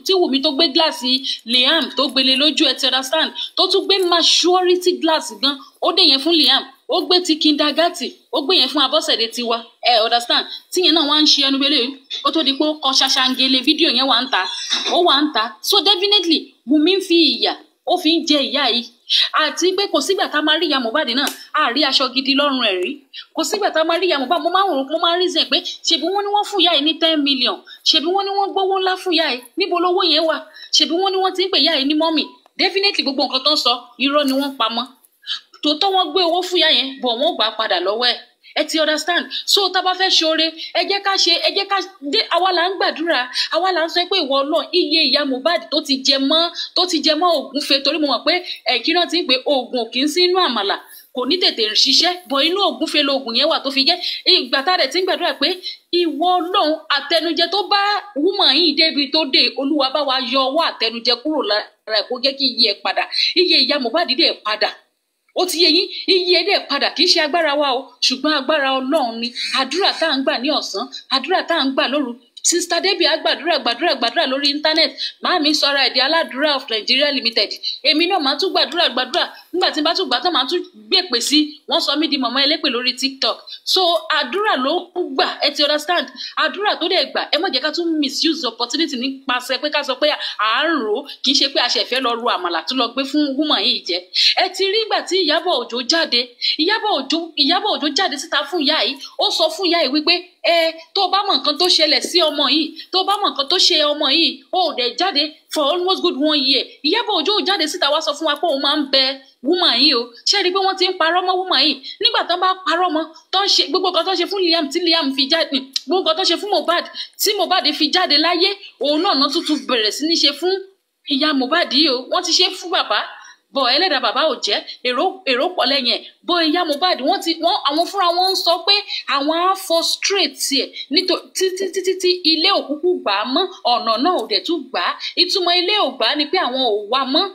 tí wùmí tó gbé gíláàsì liam tó gbélé lójú ẹ ti understand tó tún gbé maturity gíláàsì gan ó dé yẹn fún liam ó gbé ti kindagati ó gbé yẹn fún abọ́sẹ̀dé tiwa ẹ eh, understand tíyẹn náà wá ń ṣe ẹnu bẹ́lẹ̀ ó tó di pé ó kọ ṣaṣangele fídíò yẹn wà ń ta ó wà ń ta so definitely wùmí ń fi ìyà ó fi ń jẹ ìyá yìí àti pé kò sígbà tá a máa rí ìyá Mohbad náà a rí aṣọ gidi lọ́rùn ẹ̀ rí kò sígbà tá a máa rí ìyá Mohbad mo máa ń rò mo máa ń reason pé ṣebí wọ́n ní wọ́n fún ìyá yìí ní ten million ṣebí wọ́n ní wọ́n gbówó ńlá fún ìyá yìí níbo lówó yẹn wà ṣebí wọ́n ní wọ́n ti ń pè ìyá yìí ní mọ́mì definitely gbogbo nǹkan tó ń sọ irọ́ ni wọ́n pamọ́ tòótọ́ wọ́n gbé owó fún ìyá yẹn bọ̀ wọ́n gbà padà lọ́wọ́ ẹ̀ ẹ ti understand so tá a bá fẹ́ ṣoore ẹ jẹ́ ká ṣe ẹ jẹ́ ká dé àwa là ń gbàdúrà àwa là ń sọ pé ìwọ Ọlọ́run iye ìyá Mohbad tó ti jẹ mọ́ tó ti jẹ mọ́ ògúnfe torí mo mọ̀ pé ẹ̀kí náà ti ń pè oògùn òkì ń sí inú àmàlà kò ní tètè ṣiṣẹ́ bọ̀ inú ògúnfe lóògùn yẹn wà tó fi jẹ́ ìgbà tá a rẹ̀ ti ń gbàdúrà pé ìwọ Ọlọ́run àtẹnujẹ tó bá wúmọ̀ yìí débi tó dé olúwa bá wa yọ ọwọ́ àtẹnujẹ kúrò lára ẹ̀ kó iye ẹ̀ padà iye ìyá Mohbad dé ẹ̀ padà ó ti yé yín iye ẹdẹ padà kì í ṣe agbára wa o ṣùgbọ́n agbára Ọlọ́run ni àdúrà tá à ń gbà ní ọ̀sán àdúrà tá à ń gbà lóru sista debi agbàdúrà gbàdúrà gbàdúrà lórí íńtánẹ́ẹ̀tì máa mi sọra ẹ̀dí aládùúrà of Nigeria limited èmi náà máa tún gbàdúrà gbàdúrà nígbà tí n bá tún gbà tán máa tún gbèpè sí wọ́n sọ mí di mọ̀mọ́ ẹlẹ́pè lórí TikTok so àdúrà ló ń gbà ẹ ti understand àdúrà tó dẹ̀ gbà ẹ má jẹ́ ká tún misuse opportunity nípasẹ̀ pé ká sọ pé à ń rò kì í ṣe pé a ṣẹ̀fẹ́ lọ ru àmàlà tó lọ gbé fún wúmọ̀ yìí jẹ́ ẹ ti rí ìgbà tí Ìyábọ̀ Òjó jáde Ìyábọ̀ Òjó Ìyábọ̀ Òjó jáde síta fún ìyá yìí ó sọ fún ìyá yìí wípé ẹ tó bá mọ nǹkan tó ṣẹlẹ̀ sí ọmọ yìí tó bá mọ nǹkan tó ṣe ọmọ yìí ó dẹ̀ jáde for almost good one year Ìyábọ̀ Òjó jáde síta wá sọ fún wa pé òun máa ń bẹ woman yìí o ṣé rí i pé wọ́n ti ń parọ́ mọ́ woman yìí nígbà tó ń bá parọ́ mọ́ tó ń ṣe gbogbo nǹkan tó ń ṣe fún Liam tí Liam fi jáde mm, gbogbo nǹkan tó ń ṣe fún Mohbad tí Mohbad fi jáde láyé òun náà náà tuntun bẹ̀rẹ̀ sí ní ṣe fún ìyá Mohbad yìí o wọ́n ti ṣe fún bàbá bọ ẹlẹ́dàá bàbá ò jẹ́ èrò èrò pọ̀ lẹ́yìn ẹ̀ bọ ìyá Mohbad wọ́n ti wọ́n àwọn fúnra wọn ń sọ pé àwọn á frustrate tiẹ̀ nítorí títí títí tí ilé òkúkú gbà á mọ́ ọ̀nà náà ò dẹ̀ tún gbà á ìtumọ̀ ilé ò gbà á ni pé àwọn ò wá mọ́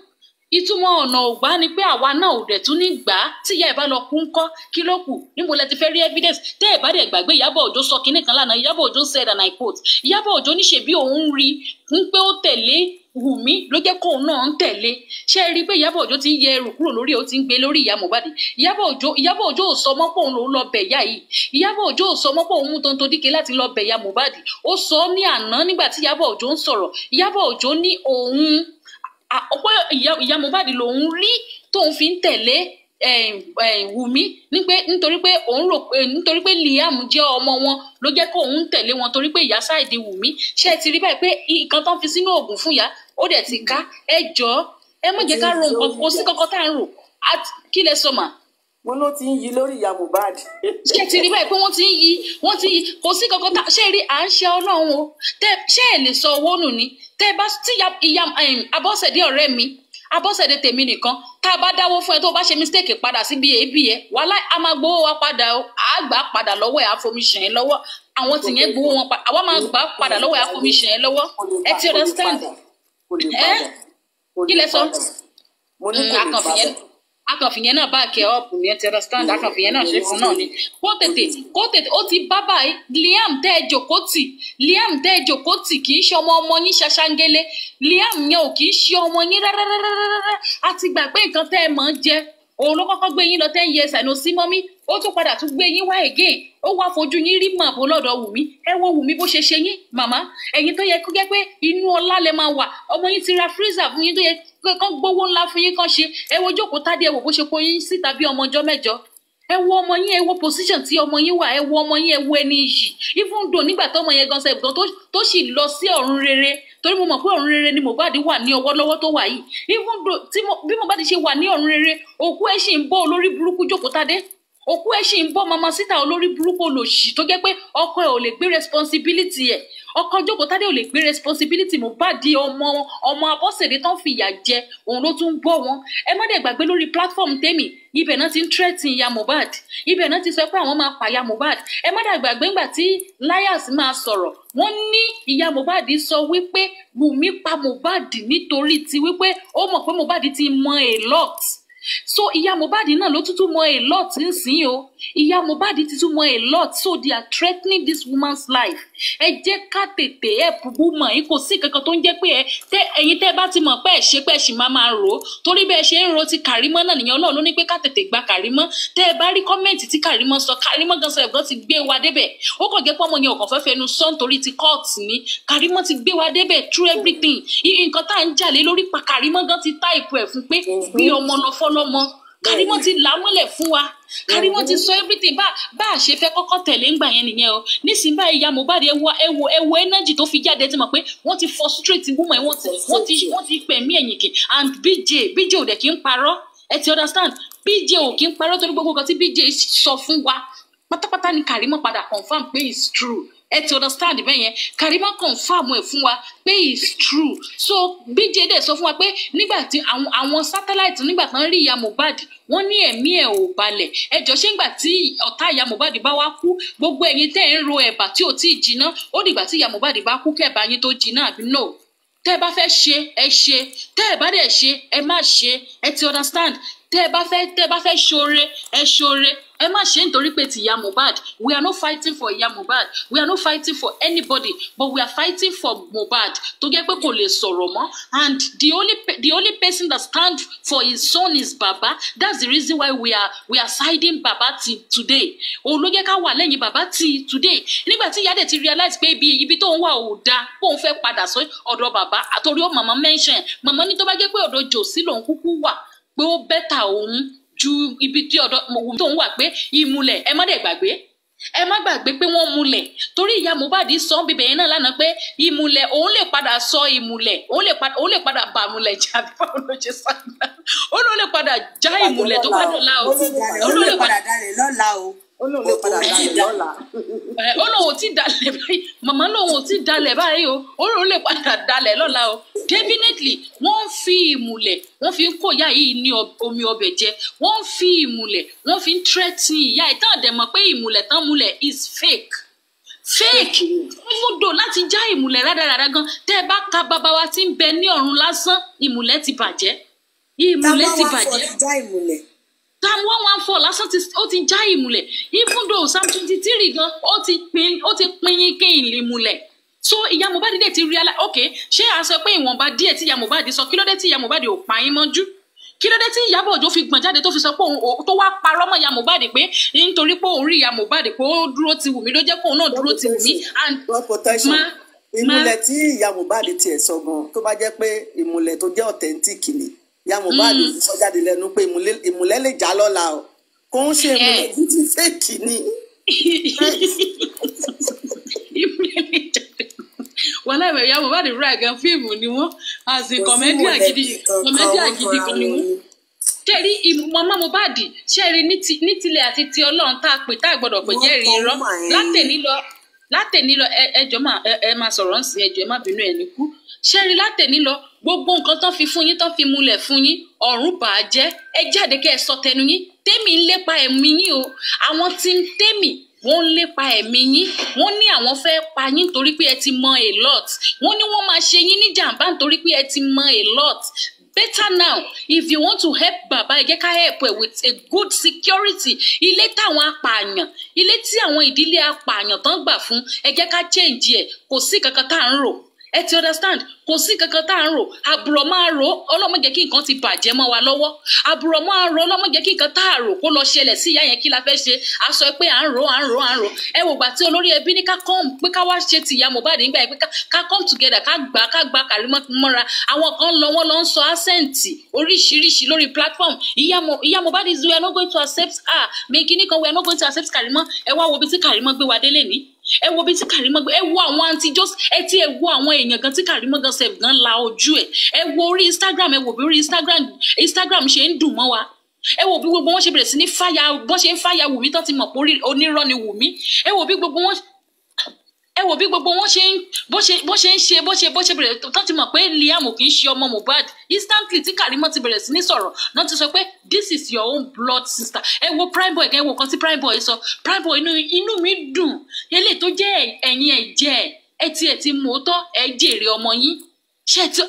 ìtumọ̀ ọ̀nà ògbà ni pé àwa náà ò dẹ̀ tún ní gbà á tíyà ẹ̀ bá lọ kú ń kọ́ kí ló kù níbo lẹ ti fẹ́ rí evidence tẹ́ ẹ̀ bá dẹ̀ gbàgbé Ìyábọ̀ Òjó sọ kinní kan lánàá Ìyábọ̀ Òjó said and I quote Ìyábọ̀ Òjó níṣe bí òun rí ń pé ó tẹ̀lé Wùmí ló jẹ́ kóun náà ń tẹ̀lé ṣé ẹ rí i pé Ìyábọ̀ Òjó ti ń yẹ ẹrù kúrò lórí ẹ̀ ó ti ń gbé lórí ìyá Mohbad Ìyábọ̀ Òjó Ìyábọ̀ Òjó ò sọ mọ́ pé òun lòún lọ bẹ̀ ìyá yìí Ìyábọ̀ Òjó ò sọ mọ́ pé òun mú tonto díke láti lọ bẹ̀ Mohbad ó sọ ní àná nígbà tí Ìyábọ̀ Òjó ń sọ̀rọ̀ Ìyábọ̀ Òjó ní òun ọ̀pọ̀ ìyá Mohbad lòún rí tóun fi ń tẹ̀lé Wùmí ní pé nítorí pé òun rò pé nítorí pé Liam jẹ́ ọmọ wọn ló jẹ́ kó òun tẹ̀lé wọn torí pé ìyá Sáìdì Wùmí ṣe ti rí báyìí pé nǹkan tó ń fi sínú oògùn fún ìyá ó dẹ̀ ti ká ẹ jọ ẹ má jẹ́ ká ro nǹkan kó sí kọ́kọ́ tá à ń rò kí lẹ sọ mà wọn ló ti ń yí lórí ìyá Mohbad. ṣé ti rí báyìí pé wọ́n ti ń yí wọ́n ti yí kò sí kankan tá ṣé rí à ń ṣe Ọlọ́run o ṣé ẹ lè sọ owó nù ni tẹ bá tí ìyá Abọ́sẹ̀dé ọ̀rẹ́ mi abọ́sẹ̀dé tèmi nìkan tá a bá dáwó fún ẹ tó bá ṣe mistake padà sí bí èébì yẹ wàhálà a máa gbowó wa padà o àgbà padà lọ́wọ́ ẹ̀ àfọmíṣàn ẹ̀ lọ́wọ́ àwọn tìyẹn gbowó wọn padà àwa máa gbà padà lọ́wọ́ ẹ̀ àfọmíṣàn ẹ̀ lọ́wọ́ ẹ ti understand ẹ kí lẹ sọ àkànfìyẹn akànfìyẹn náà bá kẹ ọ́ọ̀pù ní ẹtì understand akànfìyẹn náà ṣe fún náà ni kó tètè kó tètè ó ti bá báyìí Liam tẹ́ ẹ jòkó tì Liam tẹ́ ẹ jòkó tì kì í ṣe ọmọ ọmọ yín ṣaṣangele Liam yẹn ò kì í ṣe ọmọ yín rárárárárá àti gbà pé nǹkan tẹ́ ẹ mọ̀ ń jẹ òun ló kọ́kọ́ gbé yín lọ ten years àìní sí mọ́mí ó tún padà tún gbé yín wá again ó wá fojú yín rí màbó lọ́dọ̀ wùmí ẹ wo wùmí bó ṣe ṣe yín màmá ẹ̀yin tó yẹ kó jẹ́ pé inú ọlá lẹ máa wà ọmọ yín ti ra freezer fún yín tó yẹ pé kán gbowó ńlá fún yín kán ṣe ẹ wo jókòó tádé ẹ wò bó ṣe kó yín síta bí ọmọ ọjọ́ ẹ wo ọmọ yín ẹ wo position tí ọmọ yín wà ẹ wo ọmọ yín ẹ wo ẹni yìí even though nígbà tó ọmọ yẹn gan sẹ́yìn gan tó sì lọ sí ọ̀run rere torí mo mọ̀ pé ọ̀run rere ni Mohbad wà ní ọwọ́ lọ́wọ́ tó wà yìí even though bí Mohbad ṣe wà ní ọ̀run rere òkú ẹ̀ sì ń bọ́ olórí burúkú jókòó tádé òkú ẹ ṣì ń bọ́ mama síta olórí burúkú olòṣì tó jẹ́ pé ọkọ ẹ ò lè gbé responsibility ẹ̀ ọkọ jókòó tádé ò lè gbé responsibility Mohbad ọmọ ọmọ abọ́sẹ̀dé tán fìyà jẹ òun ló tún gbọ́ wọn ẹ má dẹ̀ gbàgbé lórí platform tèmi ibẹ̀ náà ti ń threaten ya Mohbad ibẹ̀ náà ti sọ pé àwọn máa pa ya Mohbad ẹ má dẹ̀ gbàgbé ńgbà tí liars máa sọ̀rọ̀ wọ́n ní ìyá Mohbad sọ wípé Wùmí pa Mohbad nítorí ti wípé ó mọ̀ pé Mohbad ti mọ a lot so ìyá Mohbad náà ló tútù mọ a lot nísìnyí o ìyá Mohbad ti tún mọ a lot so they are threatening this woman's life ẹ jẹ́ ká tètè ẹ bùbú mọ̀ yín kò sí kankan tó ń jẹ́ pé ẹ tẹ ẹ̀yin tẹ́ bá ti mọ̀ pé ẹ ṣe pé ẹ sì máa máa rò ó torí bẹ́ẹ̀ ṣe ń ro ti Kàrímọ́ náà nìyẹn Ọlọ́run ló ní pé ká tètè gba Kàrímọ́ tẹ́ ẹ bá rí kọ́mẹ̀ntì tí Kàrímọ́ sọ Kàrímọ́ gan sọ ẹ̀gbọ́n ti gbé wa débẹ̀ ó kàn jẹ́ pé ọmọ yẹn ò kàn fẹ́ fẹnu sọ nítorí ti kóòtù ni Kàrímọ́ ti gbé wa débẹ̀ through everything nǹkan tá à ń jà lé lórí pa Kàrímọ́ gan ti táìpù ẹ̀ fún pé bí ọmọ lọ fọ́lọ́mọ kárí wọn ti là á mọ́lẹ̀ fún wa kárí wọn ti sọ everything bá bá a ṣe fẹ́ kọ́kọ́ tẹ̀lé ńgbà yẹn nìyẹn o nísìnyí báyìí ya Mohbad ẹ wo ẹ wo ẹ wo energy tó fi jáde ti mọ̀ pé wọ́n ti frustrate woman wọ́n ti wọ́n ti wọ́n ti pẹ̀mí ẹ̀yìn kì and BJ BJ ò dẹ̀ kí ń parọ́ ẹ ti understand BJ ò kí ń parọ́ torí gbogbo nǹkan tí BJ sọ fún wa pátápátá ni Karimo padà confam pé it's true ẹ ti understand bẹ́ẹ̀ yẹn Karimo confam ẹ̀ fún wa pé it's true so BJ dẹ̀ sọ fún wa pé nígbà tí àwọn satellite nígbà tán rí ìyá Mohbad wọ́n ní ẹ̀mí ẹ̀ ò balẹ̀ ẹjọ́ ṣé ńgbà tí ọ̀tá ìyá Mohbad bá wá kú gbogbo ẹ̀yin tẹ́ ẹ̀ ń ro ẹ̀bà tí ò tí ì jiná ó dìgbà tí ìyá Mohbad bá kú kẹ́ẹ̀bà yín tó jiná àbí no tẹ́ ẹ bá fẹ́ ṣe ẹ ṣe tẹ́ ẹ bá dẹ̀ ṣe ẹ má ṣe ẹ ti understand tẹ́ ẹ bá fẹ́ tẹ́ ẹ bá fẹ́ ṣoore ẹ ṣoore ẹ má ṣe nítorí pé ti ìyá Mohbad we are not fighting for ìyá Mohbad we are not fighting for anybody but we are fighting for Mohbad tó jẹ́ pé kò lè sọ̀rọ̀ mọ́ and the only the only person that stand for his son is baba that's the reason why we are we are siding baba till today òun ló jẹ́ ká wà lẹ́yìn baba till today nígbà tí ìyá dẹ̀ ti realize pé ibi ibi tó ń wà ò dáa pé òun fẹ́ padà sí ọ̀dọ̀ baba àtòrí ó màmá mention màmá ní tó bá jẹ́ pé ọ̀dọ̀ jòsí lòun kúkú wà pé ó bẹ́tà òun ju ibi tí ọ̀dọ́ Wùmí tó ń wà pé ìmùlẹ̀ ẹ má dẹ̀ gbàgbé ẹ má gbàgbé pé wọ́n múlẹ̀ torí ìyá Mohbad sọ bíbẹ̀ yẹn náà lánàá pé ìmùlẹ̀ òun lè padà sọ ìmùlẹ̀ òun lè padà bà múlẹ̀ jà bí báwo ló ṣe sọ ìmùlẹ̀ òun ló lè padà já ìmùlẹ̀ tó padà lá o òun ló lè padà dálẹ̀ lọ́la o olóhùn ò dalẹ̀ báyìí màmá lóhùn ò dalẹ̀ báyìí o olóhùn lè padà dalẹ̀ lọ́la o definitely wọ́n ń fi ìmùlẹ̀ wọ́n fi ń kó ìyá yìí ní omi ọbẹ̀ jẹ wọ́n ń fi ìmùlẹ̀ wọ́n fi ń threaten ìyá yìí tán dẹ̀ pé ìmùlẹ̀ tán múlẹ̀ is fake fake fúdò láti já ìmùlẹ̀ rádaràda gan tẹ́ ẹ bá ka bàbá wa ti ń bẹ ní ọ̀run lásán ìmùlẹ̀ ti bàjẹ́ ìmùlẹ̀ ti bàjẹ́. táwọn wá fọ já ìmùlẹ̀ psalm one one four lásán ti ó ti já ìmùlẹ̀ even though psalm twenty three gan ó ti pin ó ti pinyin kí n lè múlẹ̀ so ìyá Mohbad dẹ̀ ti realize ok ṣé à ń sọ pé ìwọ̀nba díẹ̀ tí ìyá Mohbad sọ kí ló dé tí ìyá Mohbad ò pa yín mọ́jú kí ló dé tí Ìyábọ̀ Òjó fi gbọ̀n jáde tó fi sọ pé òun tó wá parọ́ mọ́ ìyá Mohbad pé nítorí pé òun rí ìyá Mohbad pé ó dúró ti Wùmí ló jẹ́ pé òun náà dúró ti Wùmí and ma ìmùlẹ̀ tí ìyá Mohbad tiẹ̀ sọ gan tó bá jẹ́ pé ìmùlẹ̀ tó jẹ́ authentic ni ya Mohbad ò mm. sọ jáde lẹ́nu pé ìmùlẹ̀ lè já lọ́la o kò ń ṣe ìmùlẹ̀ títí fèkì ni. wọlé ìwé ya Mohbad rà gan fíìmù ni wọn àsìn kọmẹdíà gidi kọmẹdíà gidi kan ni wọn tẹ́rí màmá Mohbad ṣẹ́rí ní tilẹ̀ àti ti ọlọ́run tá a pè tá a gbọ́dọ̀ pè jẹ́rìí irọ́ látẹ̀ní lọ látẹ̀ní lọ ẹjọ́ ẹ máa sọ̀rọ̀ ń sìn ẹjọ́ ẹ má bínú ẹ̀ ní kú ṣẹ́rí látẹ̀ní lọ gbogbo nǹkan tó fi fún yín tó fi múlẹ̀ fún yín ọ̀run bà á jẹ́ ẹ jáde kẹ́ ẹ sọ tẹnu yín tẹ́mi ń lépa ẹ̀mí yín o àwọn tí ń tẹ́mi wọ́n ń lépa ẹ̀mí yín wọ́n ní àwọn fẹ́ pa yín nítorí pé ẹ ti mọ a lot wọ́n ní wọ́n máa ṣe yín ní jàǹbá nítorí pé ẹ ti mọ a lot better now if you want to help baba ẹ ká help ẹ with a good security ilé táwọn apààyàn ilé tí àwọn ìdílé apààyàn tán gbà fún ẹ jẹ́ ká change ẹ kò sí kankan tá à ń rò ẹ ti understand kò sí kankan tá à ń rò àbùrọ̀ máa rò ọlọ́mọ jẹ́ kí nǹkan ti bàjẹ́ mọ́ wa lọ́wọ́ àbùrọ̀ máa rò ọlọ́mọ jẹ́ kí nǹkan tá à rò kó lọ ṣẹlẹ̀ sí ìyá yẹn kí la fẹ́ ṣe a sọ pé à ń rò à ń rò à ń rò ẹ wò gbà tí olórí ẹbí ní ká kọ́m pé ká wá ṣe ti ìyá Mohbad nígbà yẹn pé ká kọ́m together ká gbà ká gbà Karimo mọ́ra àwọn kan lọ wọ́n lọ ń sọ asẹ́ǹtì oríṣiríṣi lórí platform ìyá Mohbad is we are not going to accept Ah. mi kíní we are not going to accept Karimo ẹ wá wo ibi tí ẹ wo bí tí Karimo gbé ẹ wo àwọn àǹtí just ẹ ti ẹ wo àwọn èèyàn gan tí Karimo gan sef gan la ojú ẹ ẹ wo orí Instagram ẹ wo bí orí Instagram Instagram ṣe ń dùn mọ́ wa ẹ wo bí gbogbo wọn ṣe bẹ̀rẹ̀ sí ní fáyà bọ́n ṣe ń fáyà Wùmí tó ti mọ̀ pé onírọ́ ni Wùmí ẹ wo bí gbogbo wọn ẹ wò bí gbogbo wọn ṣe ń bó ṣe bó ṣe ń ṣe bó ṣe bó ṣe bẹ̀rẹ̀ tó ti mọ̀ pé Liam kì í ṣe ọmọ Mohbad instantly tí Karimo ti bẹ̀rẹ̀ sí ní sọ̀rọ̀ náà ti sọ pé this is your own blood sister ẹ wo Primeboy ẹ wo kan tí Primeboy sọ Primeboy inú inú mi dùn eléyìí tó jẹ́ ẹ̀yin ẹ̀jẹ̀ ẹ tiẹ̀ ti mọ̀ ọ́ tọ́ ẹ jèrè ọmọ yín ṣe ti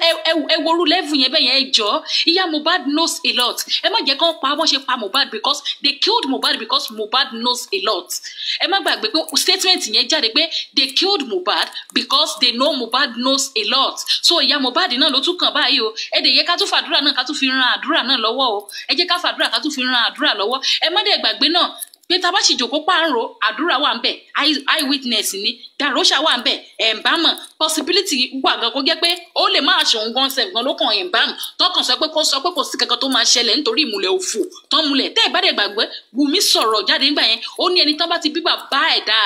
ẹ woru level yẹn bẹ́ẹ̀ yẹn ẹ jọ ìyá Mohbad knows a lot ẹ má jẹ́ kán pa wọ́n ṣe pa Mohbad because they killed Mohbad because Mohbad knows a lot ẹ má gbàgbé pé statement yẹn jáde pé they killed Mohbad because they know Mohbad knows a lot so ìyá Mohbad náà ló tún kàn báyìí o ẹ dẹ̀ yẹ ká tún fàdúrà náà ká tún fi ran àdúrà náà lọ́wọ́ o ẹ jẹ́ ká fàdúrà ká tún fi ran àdúrà lọ́wọ́ ẹ má dẹ̀ gbàgbé náà pé tá a bá sì jòkó pààrọ̀ àdúrà wà ń bẹ̀ eye witness ni darosha wà ń bẹ̀ ẹ̀ǹbámọ̀ possibility wà gan kó jẹ́ pé ó lè máa ṣòun gan sef gan ló kàn ẹ̀ǹbámọ̀ tọkàn sọ pé kó sọ pé kò sí kankan tó máa ṣẹlẹ̀ nítorí ìmùlẹ̀ òfò tán mulẹ̀ tẹ́ ẹ̀ Wùmí sọ̀rọ̀ jáde nígbà yẹn ó ní ẹni tán bá ti bíbà bá ẹ̀ dáa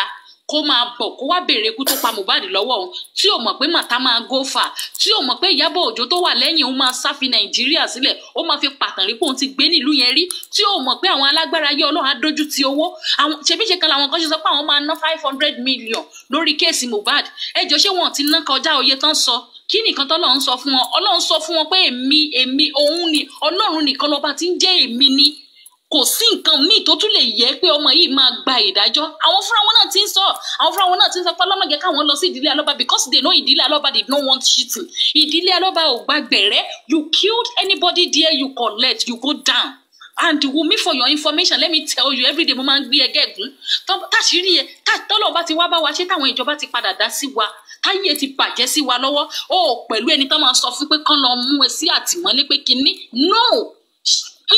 kó máa bọ̀ kó wá béèrè ikú tó pa Mohbad lọ́wọ́ òun tí ò mọ̀ pé màtá máa go far tí ò mọ̀ pé Ìyábọ̀ Òjó tó wà lẹ́yìn òun máa sáfi Nàìjíríà sílẹ̀ ó máa fi pàtàn rí pé òun ti gbé nílùú yẹn rí tí ò mọ̀ pé àwọn alágbára ayé ọlọ́run adójú ti owó ṣebíṣe kan làwọn kan ṣe sọ pé àwọn máa ná five hundred million lórí kéèsì Mohbad ẹ jọ ṣé wọn ti ná kọjá òye tán sọ kí nìkan tó lọ́n sọ fún wọn ọlọ́run sọ fún wọn pé èmi èmi òun ni ọlọ́run nìkan lọ́ba ti ń jẹ́ èmi ni kò sí nǹkan míì tó tún lè yẹ pé ọmọ yìí máa gba ìdájọ́ àwọn fúnra wọn náà ti ń sọ àwọn fúnra wọn náà ti ń sọ pé ọlọ́mọge káwọn lọ sí ìdílé alọ́ba because they know ìdílé alọ́ba they don't want cheating ìdílé alọ́ba ò gba gbẹ̀rẹ́ you killed anybody there you collect you go down and Wumi for your information let me tell you everyday mo máa ń gbé ẹgẹ́ ẹ̀gún táṣírí ẹ tọ́lọ̀ bá ti wá bá wa ṣé táwọn ìjọba ti padà dá sí wa táyé ti bàjẹ́ sí wa lọ́wọ́ ó pẹ̀lú ẹni tó máa sọ fún pé kán lọ mú ẹ sí no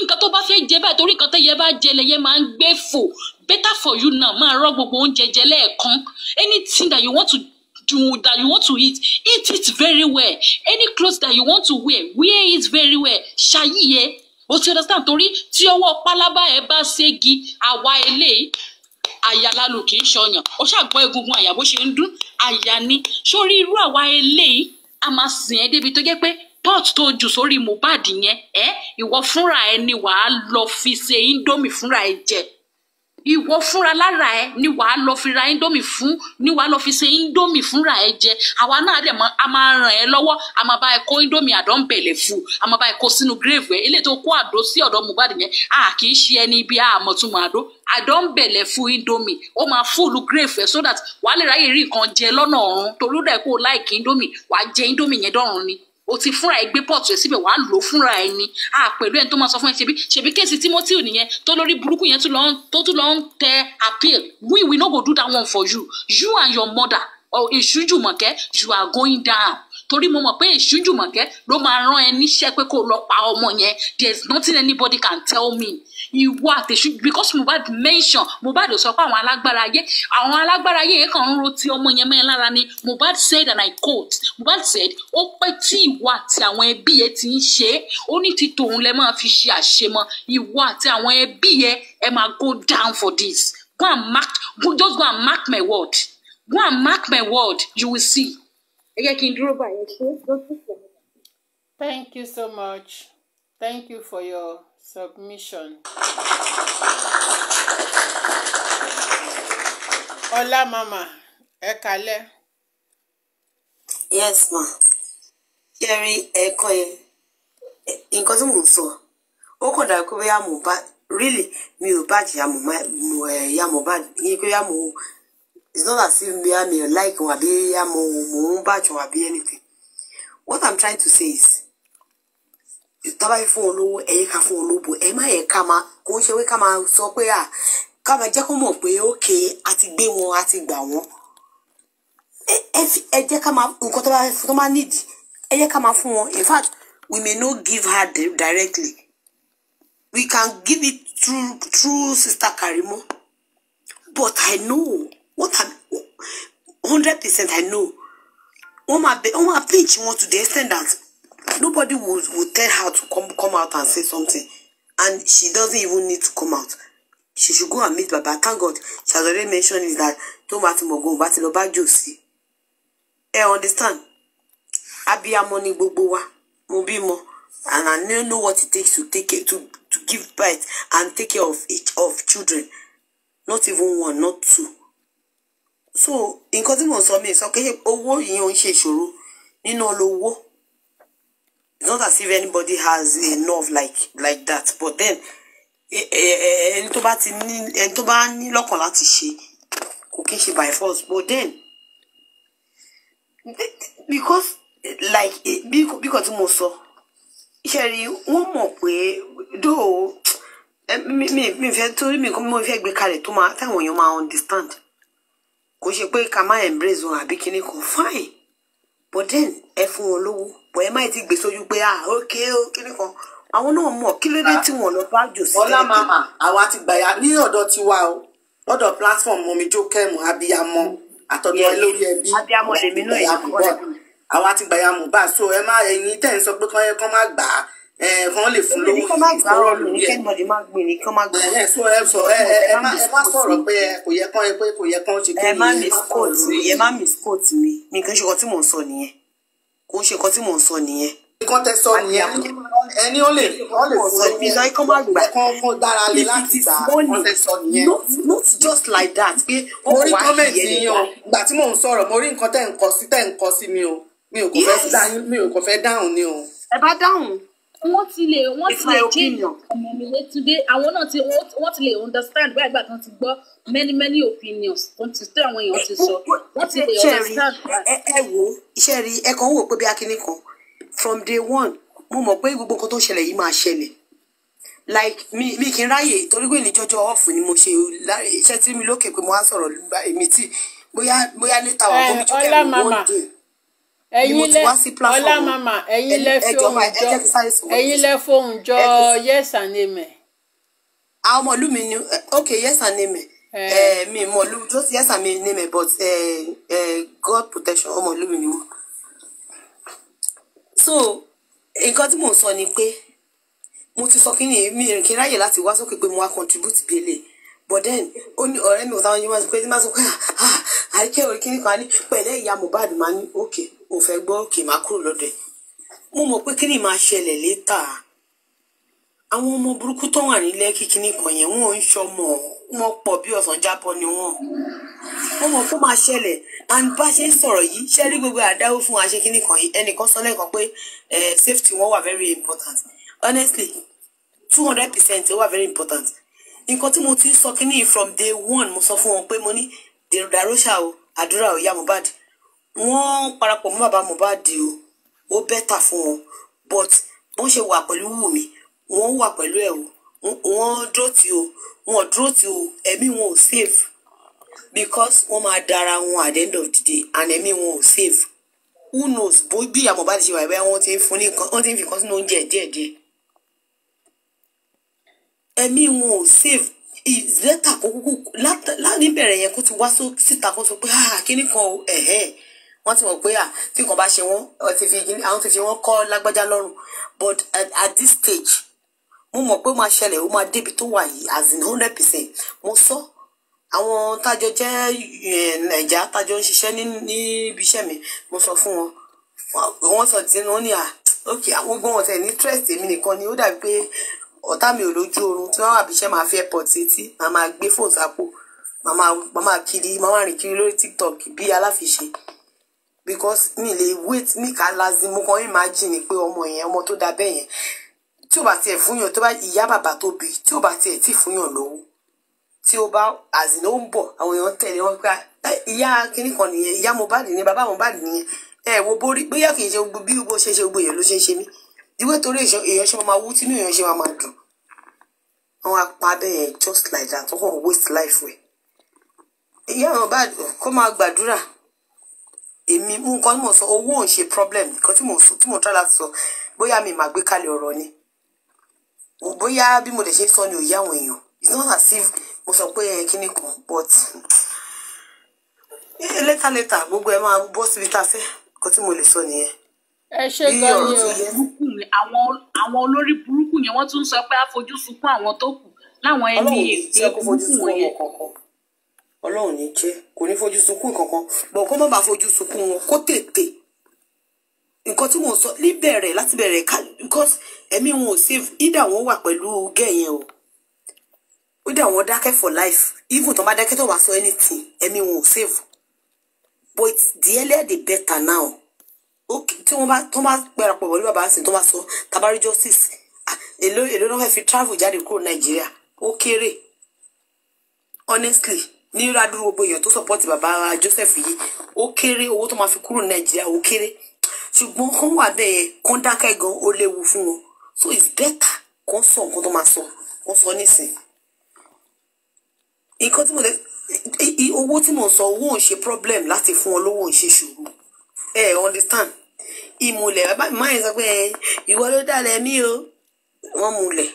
nǹkan tó bá fẹ́ jẹ báyìí torí nǹkan tẹ́yẹ bá jẹ lẹ́yẹ máa ń gbé fò better for you now máa rọ gbogbo oúnjẹ jẹ lẹ́ẹ̀kan anything that you want to do that you want to eat eat it very well any clothes that you want to wear wear it very well ṣayíye o ti understand torí tí ọwọ́ pálábá ẹ bá ségi àwa eléyìí àyà lálù kì í ṣọyàn ó ṣàgbọ́ egungun àyà bó ṣe ń dún àyà ni sórí irú àwa eléyìí a máa sìn ẹ́ débi tó jẹ́ pé pot tó jù sórí Mohbad yẹn ẹ ìwọ fúnra ẹ ni wàá lọ fi ṣe indomie fúnra ẹ jẹ ìwọ fúnra lára ẹ ni wàá lọ fi ra indomie fún ni wàá lọ fi ṣe indomie fúnra ẹ jẹ àwa náà dẹ̀ mọ́ a máa ràn ẹ́ lọ́wọ́ a máa bá ẹ kó indomie àdán bẹ̀lẹ̀ fún a máa bá ẹ kó sínú grave ẹ eléyìí tó kó àdó sí ọ̀dọ̀ Mohbad yẹn a kì í ṣe ẹni ibi àmọ̀túnmọ̀ àdó àdán bẹ̀lẹ̀ fún indomie ó máa fúlù grave ẹ so that wàá lè ráyè rí nǹkan jẹ lọ́nà ọ̀run torí ó dẹ̀ kó o láìkí indomie wàá jẹ indomie yẹn dọ̀run ni o ti fúnra ẹ gbé pọ́ọ̀tù ẹ síbẹ̀ wàá lò fúnra ẹ ni a pẹ̀lú ẹni tó máa sọ fún ẹ ṣebí ṣebí kéèsì Timothy nìyẹn tó lórí burúkú yẹn tó tún lọ ń tẹ appeal we we no go do that one for you you and your mother or Ìṣújùmọ̀kẹ́ you are going down torí mo mọ̀ pé ìṣújùmọ̀kẹ́ ló máa rán ẹ níṣẹ́ pé kó lọ pa ọmọ yẹn there is nothing anybody can tell me ìwọ àtẹ̀sù because Mohbad mention Mohbad ò sọ pé àwọn alágbára ayé àwọn alágbára ayé yẹn kàn ń ro ti ọmọ yẹn mẹ́rin lára ni Mohbad said and I quote Mohbad said ó pẹ́ tí ìwọ àti àwọn ẹbí yẹn ti ń ṣe é ó ní ti tòun lẹ máa fi ṣe àṣemọ ìwọ àti àwọn ẹbí yẹn ẹ máa go down for this go and mark just go and mark my word go and mark my word you will see ẹ jẹ́ kí n dúró bá yẹn ṣe lójú thank you so much thank you for your submission. ọlá màmá ẹ kalẹ̀. yes ma ṣe rí ẹ̀kọ́ yẹn nǹkan tí mò ń sọ ó kàn dà pé bóyá mo bá really mi ò bá jìyà mo ya Mohbad yín pé bóyá mo It's not as if me, I'm like wabi, I'm wabi, anything. What I'm trying to say is, you yìí fún phone, ẹ̀yìn ká fún phone ẹ̀ má yẹ ká máa kó ń ṣe wí ká máa sọ pé come ah, ká máa jẹ́ kó mọ̀ pé ókè a ti gbé wọn a ti gbà wọ́n ẹ eh, eh, eh, jẹ́ ká máa nǹkan tọ́ba fún tọ́ba nídìí ẹ jẹ́ ká máa in fact we may not give her directly we can give it through through Sister Karimo but I know what am hundred percent i know wọ́n máa bẹ wọ́n máa pinch wọn to the extent nobody would would tell her to come come out and say something and she doesn't even need to come out she should go and meet baba thank god she has already mentioned is that tó Mogo ti mọ̀gbọ́n bá ti lọ bá jò sí ẹ understand abiyamọ ni gbogbo wa mo bímọ and i no know what it takes to take it to to give birth and take care of each of children not even one not two so nǹkan tí mò ń sọ mi sọ pé owó yìí ò ń ṣe ìṣòro nínú olówó it's not as if anybody has enough like like that but then e, e, e, ẹni tó bá ti ní ẹni tó bá ní lọ́kàn láti ṣe kò kí n ṣe by force but then because like bíkọ tí mo sọ iṣẹ́ rí wọ́n mọ̀ pé dóò mi mi fẹ́ torí mi mi fẹ́ gbé kalẹ̀ tó máa táwọn èèyàn máa understand kò ṣe pé ká má embrace wọn àbí kinní kan fine but then ẹ fún wọn lówó bọ̀ ẹ má ti gbé sójú pé ah ok o kinní kan àwọn náà mọ̀ kí ló dé tí wọn lọ bá jò sí. ọlá màmá àwa ti gbàyà ní ọ̀dọ̀ tiwa o lọ́dọ̀ platform mọ̀mí jókèmù abiyamọ àtọ̀dọ̀ ẹ lórí ẹbí abiyamọ lèmi náà yà mọ̀ àwa ti gbàyà mọ̀ bá so ẹ má ẹyin tẹ̀ ń sọ pé kán yẹ kán má gbà kan eh, lè fún lówó ìgbàrọ̀ lórí ẹ̀. kẹ́nìmọ̀dé eh, eh, má gbìn ní kán má gbìn. ẹ sọ ẹ sọ ẹ ẹ má sọ̀rọ̀ pé kò yẹ kán pé kò yẹ kán ṣe kí ni. ẹ má misquote mi ẹ má misquote mi mi kì í ṣe nǹkan tí mò ń sọ nìyẹn kò ń ṣe nǹkan tí mò ń sọ nìyẹn. nǹkan tẹ sọ nìyẹn ẹni ó lè ó lè fún mi náà kán má gbà kán kán dára lé láti gbà kán tẹ sọ nìyẹn. not just like that pé ó wà á yẹ nígbà. ìgbà tí mò ń sọ̀rọ̀ mo rí nǹkan tẹ́ ń kọ sí tẹ́ ń kọ sí mi o mi ò kò fẹ́ dáhùn ni o. ẹ bá dáhùn wọ́n ti lè wọ́n ti lè change ọmọ mi wey today àwọn náà ti wọ́n ti lè understand báyìí gbà kan ti gbọ́ many many opinions tó ti tó àwọn èèyàn ti sọ wọ́n ti lè understand. ẹ ẹ wo iṣẹ́ rí ẹ kàn ń wò pé bí akínní kan from day one mo mọ̀ pé gbogbo nǹkan tó ń ṣẹlẹ̀ yìí máa ṣẹlẹ̀ like mi mi kì í ráyè torí pé níjọjọ ọ̀fù ni mo ṣe iṣẹ́ tí mi lókè pé mo á sọ̀rọ̀ èmi tí bóyá bóyá létà wà gómìnà kẹrin one day ẹ̀yin lẹ ọlá màmá ẹ̀yin lẹ fohùn jọ ẹ̀yin lẹ fohùn jọ yes and amen. àwọn ọmọlú mi ni ok yes and amen eh. Eh, mi mọ̀lú just yes and amen but uh, uh, God protection ọmọlú mi ni wọ́n. so nǹkan tí mò ń sọ ni pé mo ti sọ kí ni mi rìn kí n ráyè láti wá sókè pé mo wá contribute bí eléyìí but then ó ní ọ̀rẹ́ mi ò táwọn yín máa sọ pé tí pé ah, ah àríkẹ́ orí kíní kan ní pẹ̀lẹ́ ìyá Mohbad máa ní òkè ò fẹ́ gbọ́ òkè máa kúrò lọ́dọ̀ ẹ̀ mo mọ̀ pé kíní máa ṣẹlẹ̀ létà àwọn ọmọ burúkú tó wà ní Lẹ́kì kíní kan yẹn wọn ò ń ṣọmọ wọn pọ̀ bí ọ̀sán jábọ́ ni wọn mo mọ̀ pé máa ṣẹlẹ̀ and bá ṣe ń sọ̀rọ̀ yìí ṣe rí gbogbo àdáwó fún wa ṣe kíní kan yìí ẹnìkan sọ lẹ́ẹ̀kan pé eh, safety wọn wà very important honestly two hundred percent wà very important nǹkan tí mo ti sọ kínní from day one mo sọ fún wọn pé mo ní dàróṣà o àdúrà ò yá Mohbad wọ́n parapọ̀ mọ́ bàbá Mohbad o ó bẹ́tà fún wọn but wọ́n ṣe wà pẹ̀lú Wùmí wọ́n wà pẹ̀lú ẹ̀ o wọ́n dúró tì o wọ́n dúró tì o ẹ̀mí wọn ò safe because wọ́n máa dára wọn at the end of the day and ẹ̀mí wọn ò safe who knows bó bí Mohbad ṣe wà bẹ́ẹ̀ wọ́n ti ń fún ní nǹkan wọ́n ti ń fi nǹkan sínú oúnjẹ díẹ̀díẹ̀ ẹ̀mí wọn ò save lẹ́tà kó kúkú níbẹ̀rẹ̀ yẹn kó ti wá síta kó sọ pé ah, kíní kan ẹ̀hẹ́ wọ́n ti mọ̀ pé ah, tí nǹkan bá ṣe wọ́n àwọn ti fi wọ́n kọ́ lágbájá lọ́rùn but at, at this stage mo mọ̀ pé ó máa ṣẹlẹ̀ ó máa débi tó wà yìí as in hundred percent mo sọ àwọn tájọ jẹ́ eh, nàìjà tájọ ń ṣiṣẹ́ ní ibi iṣẹ́ mi mo sọ fún wọn wọ́n sọ tí wọ́n ní à ah, ok àwọn gbọ́n wọn tẹ̀ ní trust èmi nìkan ni ó dàbí pé ọ̀tá mi ò lójú oorun tí wọ́n wà bí iṣẹ́ máa fi airport etí màá máa gbé phone sápò màá máa kiri màá máa rìn kiri lórí tiktok bí aláfiṣe because mi lè wait mi kà lazi mo kàn imagine pé ọmọ yẹn ọmọ tó da bẹ́ẹ̀ yẹn tí o bá tiẹ̀ fúnyàn tó bá ìyá bàbá tó bí tí o bá tiẹ̀ tí fúnyàn lówó tí o bá àzìnà ó ń bọ̀ àwọn èèyàn tẹ̀lé wọn pé ìyá kínní kan nìyẹn ìyá Mohbad nìyẹn bàbá Mohbad nìyẹn ẹ wo borí bóyá kì í ṣe gbogbo bí bó ṣe ṣe gbogbo èèyàn ló ṣe ń ṣe mí ìwé torí èèyàn ṣe máa wú tínú èèyàn ṣe máa dùn àwọn apá bẹ́ẹ̀ just like that wọ́n kàn waste life wẹ̀ ìyá àwọn bá kó máa gbàdúrà èmi mú nǹkan tí mò ń sọ owó ò ń ṣe problem nǹkan tí mò ń sọ tí mò ń tọ́ láti sọ bóyá mi máa gbé kalẹ̀ ọ̀rọ̀ ni bóyá bí mo dẹ̀ ṣe sọ ni ò yá àwọn èèyàn it's not as if mo sọ pé eh, kíní kan but later later gbogbo ẹ máa bọ́ síbi tá a fẹ́ nǹkan tí mo lè sọ nìyẹn. ẹ ṣe gan ni o àwọn àwọn olórí burúkú yẹn wọ́n tún sọ pé àfojúsùnkún àwọn tó kù láwọn ẹni èdè burúkú wọn yẹn. ọlọ́run ní jẹ́ kò ní fojú sunkún kankan bọ̀ kó má bàa fojú sunkún wọn kó tètè nǹkan tí wọ́n sọ níbẹ̀rẹ̀ láti bẹ̀rẹ̀ because ẹ̀mí wọn ò save either wọn wà pẹ̀lú gẹ̀yẹn o either wọn dákẹ́ for life even tó bá dákẹ́ tó wàá sọ anything ẹ̀mí wọn ò save but the earlier the better now tí wọ́n bá tó bá pẹ̀rọ pọ̀ pẹ̀lú bàbá sìn tó bá sọ tabari justice èló èló ló fẹ́ fi travel jáde kúrò nàìjíríà ó kéré honestly ní rádúró gbogbo èèyàn tó sọpọ́tì bàbá joseph yìí ó kéré owó tó máa fi kúrò nàìjíríà ó kéré ṣùgbọ́n kán wà bẹ́ẹ̀ kán dákẹ́ gan ó léwu fún wọn so it's better kán sọ nǹkan tó máa sọ kán sọ nísìn nǹkan tí mo lè owó tí mo sọ owó ò ń ṣe problem láti fún wọn lówó ò ń ṣe ṣòro ẹ understand ìmùlẹ̀ bàbá mi máa ń sọ pé ìwọ ló dálẹ̀ mí o wọ́n múlẹ̀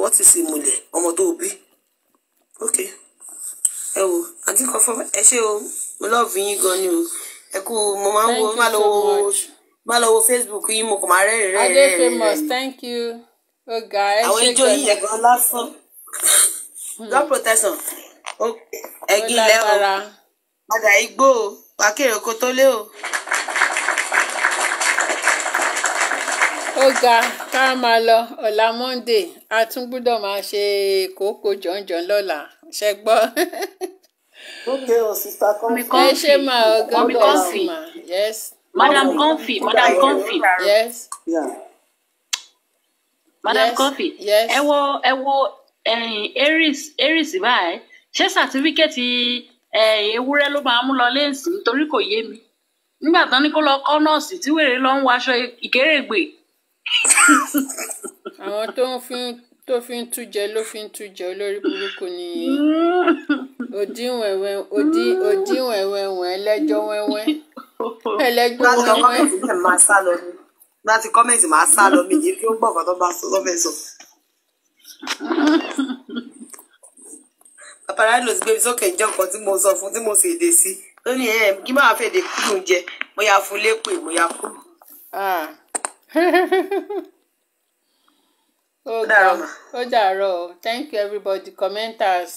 wọ́n ti sì múlẹ̀ ọmọ tó bí ok ẹ wo àti kan fọ ẹ ṣé o mo lọ́ọ̀bù yín gan ni o ẹ kú mo máa ń wo má lọ wo má lọ wo facebook yín mo kò máa rẹ́rìn rẹ́rìn rẹ́rìn. adé famous thank you ọ̀gá ẹ ṣe gan. àwọn ijó yìí yẹn gan lásán hmm. god protection ẹgin lẹ́wọ̀n padà igbó o wákèrè oko tó lé o. ó ga ká máa lọ ọ̀la monday a tún gbúdọ̀ máa ṣe kókó jọ̀ǹjọ̀ǹ lọ́la ṣe gbọ́. lókè o sista comfy ẹ ṣe máa ọgá ọgá ọsùnmá yes. madam comfy madam comfy yes. Yeah. madam yes. comfy ẹ wo ẹ wo aries aries báyìí ṣé sàtífíkẹ́tì ewúrẹ́ ló máa mú lọ léèsì nítorí kò yé mi nígbà tán ni kó lọ kọ́ nọ́ọ̀sì tí wèrè lọ ń waṣọ ìkérègbè. àwọn tó ń fi tó fi ń tújẹ ló fi ń tújẹ olórí burúkú ni òdìwẹ̀wẹ̀ òdìwẹ̀wẹ̀ ẹlẹ́jọ́ wẹ́wẹ́ ẹlẹ́jọ́ wẹ́wẹ́. máa sá lọ ni láti kọ́mẹ̀ntì máa sá lọ mi yìí kí ó gbọ́ ọ̀kan tó bá sọ lọ́fẹ̀ẹ́ sọ. paparello ti gbé mi sókè ìjọ nǹkan tí mo sọ fún tí mo sì èdè sí tó ní ẹ kí máa fèdè kúrò jẹ mo ya fún lépè mo ya kú. Ah. ó dàárọ̀ thank you everybody commenters.